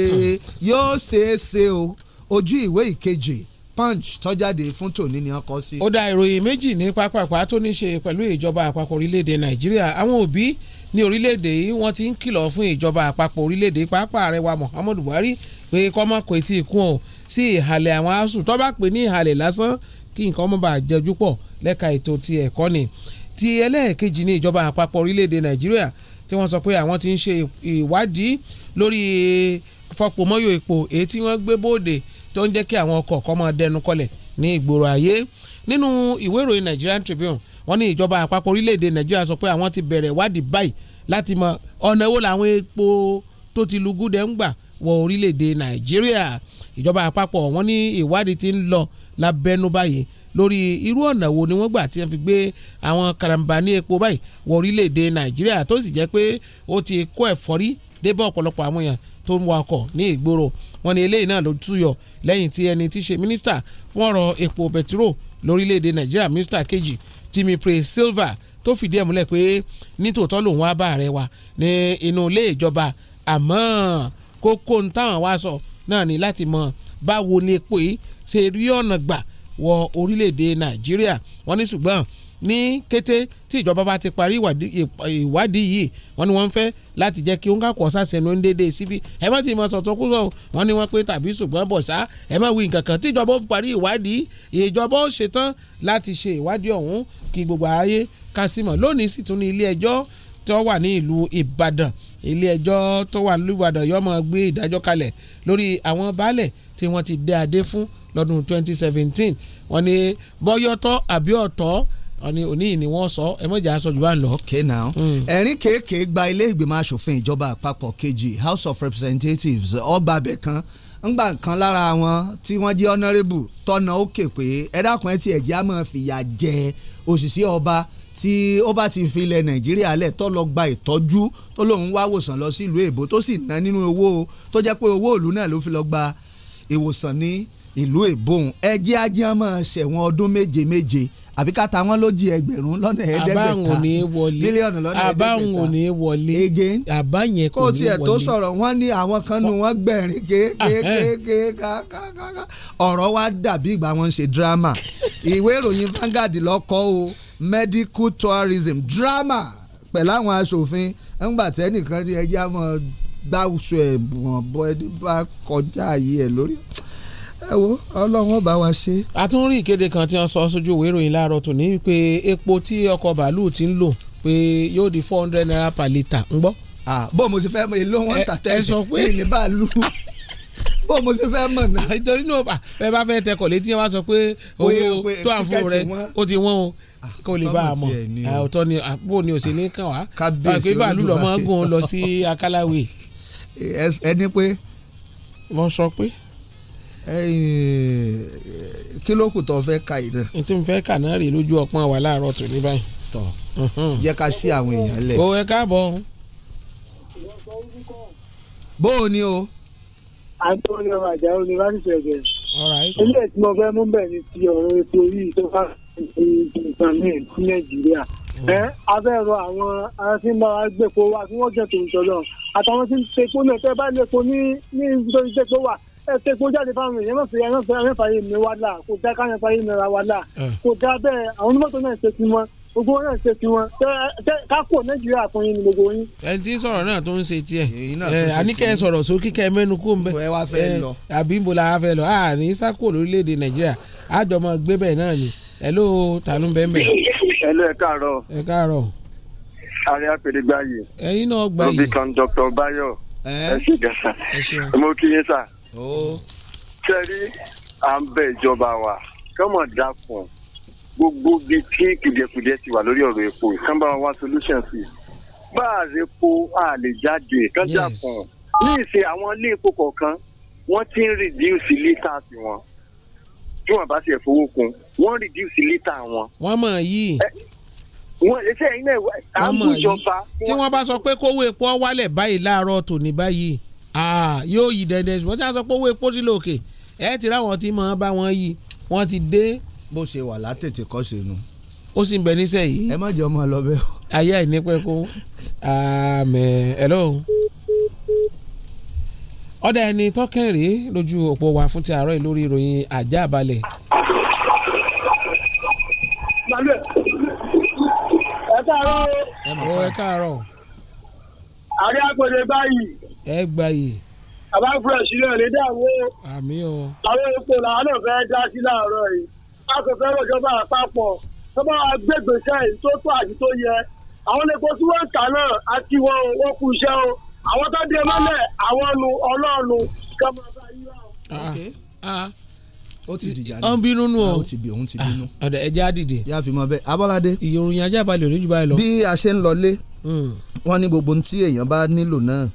[SPEAKER 4] yóò ṣeé
[SPEAKER 5] o ojú ìwé ìkejì punch tọ́jáde fún tòní ni wọ́n kọ sí. ó dá ìròyìn méjì ní pápápá tó ní ṣe pẹ̀lú ìjọba àpapọ̀ orílẹ̀-èdè nàìjíríà àwọn òbí ní orílẹ̀-èdè yìí wọ́n ti ń kìlọ̀ fún ìjọba àpapọ̀ orílẹ̀-èdè pápá àrẹwà muhammadu buhari pé kọ́mọ kò tí ì kún ọ sí ìhàlẹ̀ àwọn asuu tó bá pè ní ìhàlẹ̀ lásán kí nǹkan ọmọ bá jẹjú pọ̀ lẹ́ka ètò ti ẹ̀kọ́ ni ti ẹlẹ́ẹ̀kejì ní ìjọba àpapọ̀ orílẹ̀-èdè nàìjíríà tí wọ́n sọ pé àwọn ti ń ṣe ìwádìí lórí fọpomọ́yò epo èyí tí wọ́n gbé bóde tó ń jẹ́ kí àwọn ọkọ̀ kọ́ máa dẹnu kọlẹ̀ ní ìgboro ayé nínú ìwé ìròyìn Nigerian Tribune wọ́n ní ìjọba àpapọ̀ orílẹ̀-èdè Nigeria sọ pé àwọn ti bẹ̀rẹ̀ ìwádìí báyìí láti mọ ọ̀nà wo làwọn epo tó ti lugúdẹ̀ ń gbà wọ orílẹ̀-èdè Nigeria. ìjọba àpapọ̀ wọ́n ní ìwádìí ti ń lọ lábẹ́nú báyìí lórí irú ọ̀nà wo ni wọ́n gbà tí wọ́n fi gbé àwọn karambà ní epo báyìí wọ orílẹ̀-èdè nàìjíríà tó sì jẹ́ pé ó ti kó ẹ̀fọ́rí débọ̀ ọ̀pọ̀lọpọ̀ àwọn èèyàn tó ń wakọ̀ ní ìgboro wọn ni eléyìí náà ló túyọ̀ lẹ́yìn tí ẹni tí í ṣe mínísítà fún ọ̀rọ̀ epo bẹtiró lórílẹ̀‐èdè nàìjíríà mínísítà kejì Timipre Silva tó fìdí ẹ̀ múlẹ̀ pé nítòótọ́ lòun wá bá ààrẹ wa ní inú ilé ìjọba àmọ́ kókó ń táwọn wá sọ náà ni láti mọ báwo ni epo yìí ṣe rí ọ̀nà gbà wọ orílẹ̀-èdè nàìjíríà wọ́n ní ṣùgbọ́n ní kété tí ìjọba bá ti parí ìwádìí yìí wọ́n ní wọ́n ń fẹ́ láti jẹ́ kí ó ń kàkọ́ sàṣẹnu ń dédé síbí ẹ má ti mọ sọ̀tún kúsọ̀ wọ́n ní wọ́n pé tàbí ṣùgbọ́n bọ̀ ṣá ẹ má wí nǹkan kan tí ìjọba ó parí ìwádìí ìjọba ó ṣetán láti ṣe ìwádìí ọ̀hún kí gbogbo ayé ká sí mọ̀ lónìí sì tún ní ilé ẹjọ́ tó wà ní ìlú ìbàdàn ilé ẹjọ́ tó wà ní ìbàdàn yóò gbé ìdájọ́ kalẹ̀ lórí àwọn baálẹ̀ tí wọ́n ti dé adé fún lọ́dún 2017 wọ́n ní bọ́yọ́tọ́ àbí ọ̀tọ̀ wọ́n ní òní ni wọ́n sọ ẹ mọ̀jà aṣọ jù bá lọ. okay now hmm. ẹ̀rín kéèké gba ilé ìgbìmọ̀
[SPEAKER 4] asòfin ìjọba àpapọ̀ kejì House of Representatives ọgbà abẹ kan ńgbà kan lára wọn tí wọ́n jẹ́ honourable tọ́nà òkè pé ẹ dákun ẹ ti ẹ̀jẹ̀ á máa fìyà jẹ òṣìṣẹ́ ọba tí ó bá ti fi ilẹ̀ nàìjíríà lẹ̀ tó lọ gba ìtọ́jú tó lóun wá wòsàn lọ sílùú èbó tó sì ná nínú owó tó jẹ́ pé owó ìlú náà ló fi lọ gba ìwòsàn ní ìlú èbóhùn ẹjẹ́ ajé ọmọ ṣẹ̀wọ̀n ọdún méje méje àbí ká ta wọ́n lójì ẹgbẹ̀rún lọ́nà ẹ̀ẹ́dẹ́gbẹ̀ta àbáwọn ò ní wọlé bílíọ̀nù lọ́nà ẹ̀ẹ́dẹ́gbẹ̀ta àbáwọn ò ní wọlé again àbáyẹn kò ní wọlé kó tiẹ̀ tó sọ̀rọ̀ wọ́n ní àwọn kan nu wọ́n gbẹ̀rín kéékèèké [LAUGHS] kákákáká ọ̀rọ̀ wa dàbí ìgbà wọn ṣe drama ìwé ìròyìn Vanguard lọ́kọ́ o medical tourism drama pẹ̀lú àwọn aṣòfin ńgbà tẹ́nìkan ní ẹjẹ́ àwọn gbàwùsọ̀ ẹ̀bùn ọ̀bọ ẹni ẹ wo ọlọ́run ọba wa ṣe.
[SPEAKER 5] a tún rí ìkéde kan tí wọ́n sọ sójú ìwé ìròyìn láàárọ̀ tòní pé epo tí ọkọ̀ bàálù ti ń lò pé yóò di four hundred naira per litre ń gbọ́. bó mo sì fẹ́ mọ èlò wọn tà tẹ́lẹ̀ èlé bàálù [LAUGHS] bó mo sì fẹ́ mọ̀ náà. [LAUGHS] nítorí náà ẹ bá fẹ́ tẹkọ̀ létí ẹ wá sọ pé owó tó àǹfò rẹ ó ti wọ́n o kó lè bá a mọ̀ ọ̀tọ̀ ni àpò ni òṣèlú kàn wá pé bàálù lọ́mọ [LAUGHS] ẹni pé. wọ́n sọ pé kí ló kù tó fẹ́ ka yìí náà. n tí mo fẹ́ kà náà rè lójú ọpọ́n wa láàárọ̀ tó ní báyìí. tọ jẹ́ ká sí àwọn èèyàn lẹ̀. òwe káàbọ̀. bó o ní o.
[SPEAKER 13] Antonio Ajáò ní
[SPEAKER 1] fásitì ẹ̀gẹ̀. ilé tí mo fẹ́ mú bẹ̀ ni ti ọ̀rọ̀ epo yìí tó bá ti nǹkan ní Nàìjíríà. Hmm. ẹ abẹ́rọ àwọn arásímọ́ agbépo wa tí wọ́n jẹ́ tòun tọ́lọ́ àtàwọn tí ń tepo náà ẹ ṣe kó jáde fáwọn èèyàn mọ̀ sí ẹ mọ̀ sí ẹ mẹ́fà yìí ní wàhálà kò dá káyọ̀ fà yìí nira wàhálà kò dá bẹ́ẹ̀ àwọn onímọ̀tò náà ṣe ti wọn gbogbo wọn náà ṣe ti wọn kákò nàìjíríà fún yín ni gbogbo yín.
[SPEAKER 5] ẹ ti sọ̀rọ̀ náà tó ń ṣe tiẹ̀ àníkẹ́ sọ̀rọ̀ sókè kẹ́ mẹ́nu kó ń bẹ̀ ẹ wá fẹ́ lọ àbí ń bo la wá fẹ́ lọ àní sákò lórílẹ̀‐èdè nàìjíríà àjọmọ gbé bẹ́ẹ̀ náà ni ẹ ló ta ló ń bẹ́ẹ̀ bẹ́ẹ̀.
[SPEAKER 1] ẹ ló ẹ káàárọ̀. ẹ káàárọ̀ ààrẹ apèlégbáyé. ẹyin náà gbáyé. rubicon dr bayo. ẹ ṣe gàṣà sẹ́rí à ń bẹ ìjọba wa kọ́mọ̀ dákun gbogbo bí tí kùdìẹ̀kùdìẹ̀ ti wà lórí ọ̀rọ̀ epo ìsánbà wa solution sí bá a rè po a lè jáde kọjá kan ní ìṣe àwọn ilé epo kọ̀ọ̀kan wọ́n ti ń reduce lítà tiwọn tí wọ́n bá ṣe fowó kún wọ́n reduce lítà wọn.
[SPEAKER 5] wọ́n mọ̀ yìí wọn ṣe ẹyin náà àmújọba. tí wọ́n bá sọ pé kówó epo wálẹ̀ báyìí láàárọ̀ tòní báyìí Ah, yóò yí dẹ́dẹ́ wọ́n ti sọ pé owó epo ti lòkè ẹ̀ ti ráwọn tí mọ̀ bá wọn yí wọ́n ti dé. bó ṣe wà látètè kọ́ sínú. ó sì ń bẹ níṣẹ́ yìí. ẹ má jẹ́ ọmọ lọ bẹ́ẹ̀ o. ayé àìní pẹ́ kó àmì hello. ọ̀dà ẹni tọ́kẹ́rẹ́ lójú òpó wa fún ti àárọ̀ lórí ìròyìn àjà àbálẹ̀. ẹ káàárọ̀. ẹ káàárọ̀ àrí àpèjẹ báyìí. ẹ gbà yìí. bàbá fresh náà lè dààmú. àmì
[SPEAKER 1] o. àwọn epo làwọn fẹ́ dá sí láàárọ̀ yìí. a kò fẹ́ rọ̀jọba àpapọ̀ tó bá wa gbégbèsè tó tó àti tó yẹ. àwọn epo tí wọ́n ń náà á ti wọ́n wọ́n kú iṣẹ́ o. àwọn tó dé mọ́lẹ̀ àwọn nu ọlọ́ọ̀nu kí máa bá yíra o
[SPEAKER 5] ah, ah. ti dìjà ní. ọ̀n bínú nù ọ́ ah, ó ti bí òun ti bínú. ọ̀dọ̀ ẹja dìde. yáa fi mọ bẹ́ẹ̀ abọ́ládé. ìròyìn ajá balẹ̀ òní jù báyìí lọ. bí
[SPEAKER 4] a ṣe ń lọlé wọ́n ní gbogbo tí èèyàn bá nílò náà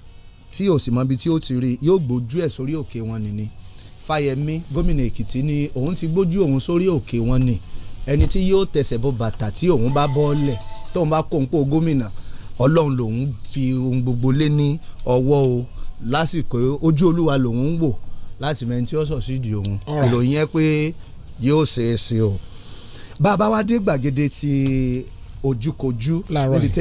[SPEAKER 4] tí ò sì mọbi tí ó ti rí yóò gbójú ẹ̀ sórí òkè wọn nìní Fáyẹmí gómìnà Èkìtì ni òun ti gbójú òun sórí òkè wọn nì ẹni tí yóò tẹ̀sẹ̀ bọ bàtà tí òun bá bọ́ọ̀lẹ̀ tóun bá kó ń pò gómìnà Ọlọ́run lòun fi ohun gbogbo lé ní ọwọ́ o lásìkò ojú Olúwa lòun ń wò láti mẹ́ni tí ó sọ̀ sí ìdí òun ìròyìn yẹn pé yóò ṣeé ṣe o bá a dé gbàgede ti ojúkojú níbi tí